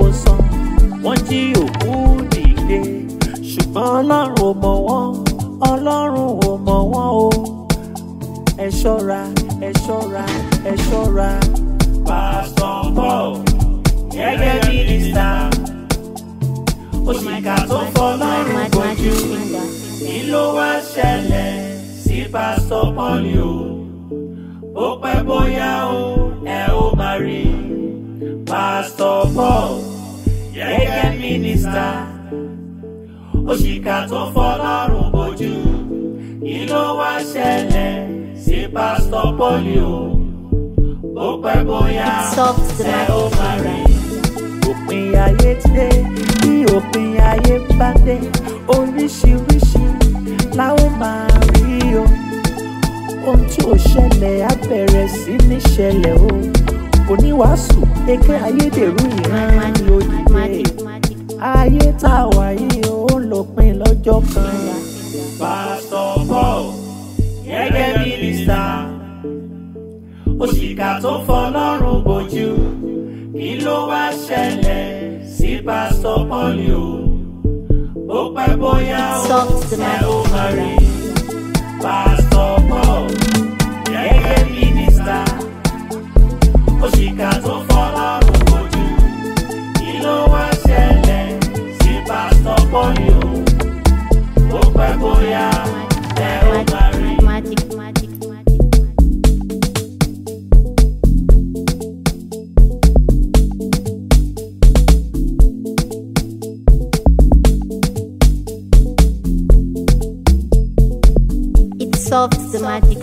wo sàn wọ́n jí òkú dìde ṣùgbọ́n ọlọ́run ò mọ̀ wọ́n ọlọ́run ò mọ̀ wọ́n o ẹ ṣọ́ra ẹ ṣọ́ra ẹ ṣọ́ra. pásítọ̀ Paul gẹ́gẹ́ bí mínísítà òṣìkà tó fọlọ́run bójú kí ló wá ṣẹlẹ̀ sí pásítọ̀ Paul o ó pẹ́ bóyá o ẹ ó máa rí pásítọ̀ Paul yẹ̀yẹ́ mínísítà òṣìkà tó fọlọ́run bojú kí wá ṣẹlẹ̀ sí pásítọ̀ pọ́lì o ó pẹ́ bóyá ṣe ó máa rí. òpin ayé dé bí òpin ayé bá dé oríṣiríṣi láwọn máa rí o ohun tí ò ṣẹlẹ̀ á bẹ̀rẹ̀ sí ní ṣẹlẹ̀ o oníwàásù èké ayédèrú ìran lóye ayé tá a wà yìí ó lópin lọ́jọ́ kan. pásítọ̀ Paul gẹ́gẹ́ mínísítà òṣìkà tó fọlọ́run bójú kí ló wá ṣẹlẹ̀ sí pásítọ̀ Paul o ó pẹ́ bóyá ó ṣe ó máa rí pásítọ̀ Paul gẹ́gẹ́ mínísítà òṣìkà tó fọlọ́run kojú kí ló wá soft, soft. magic.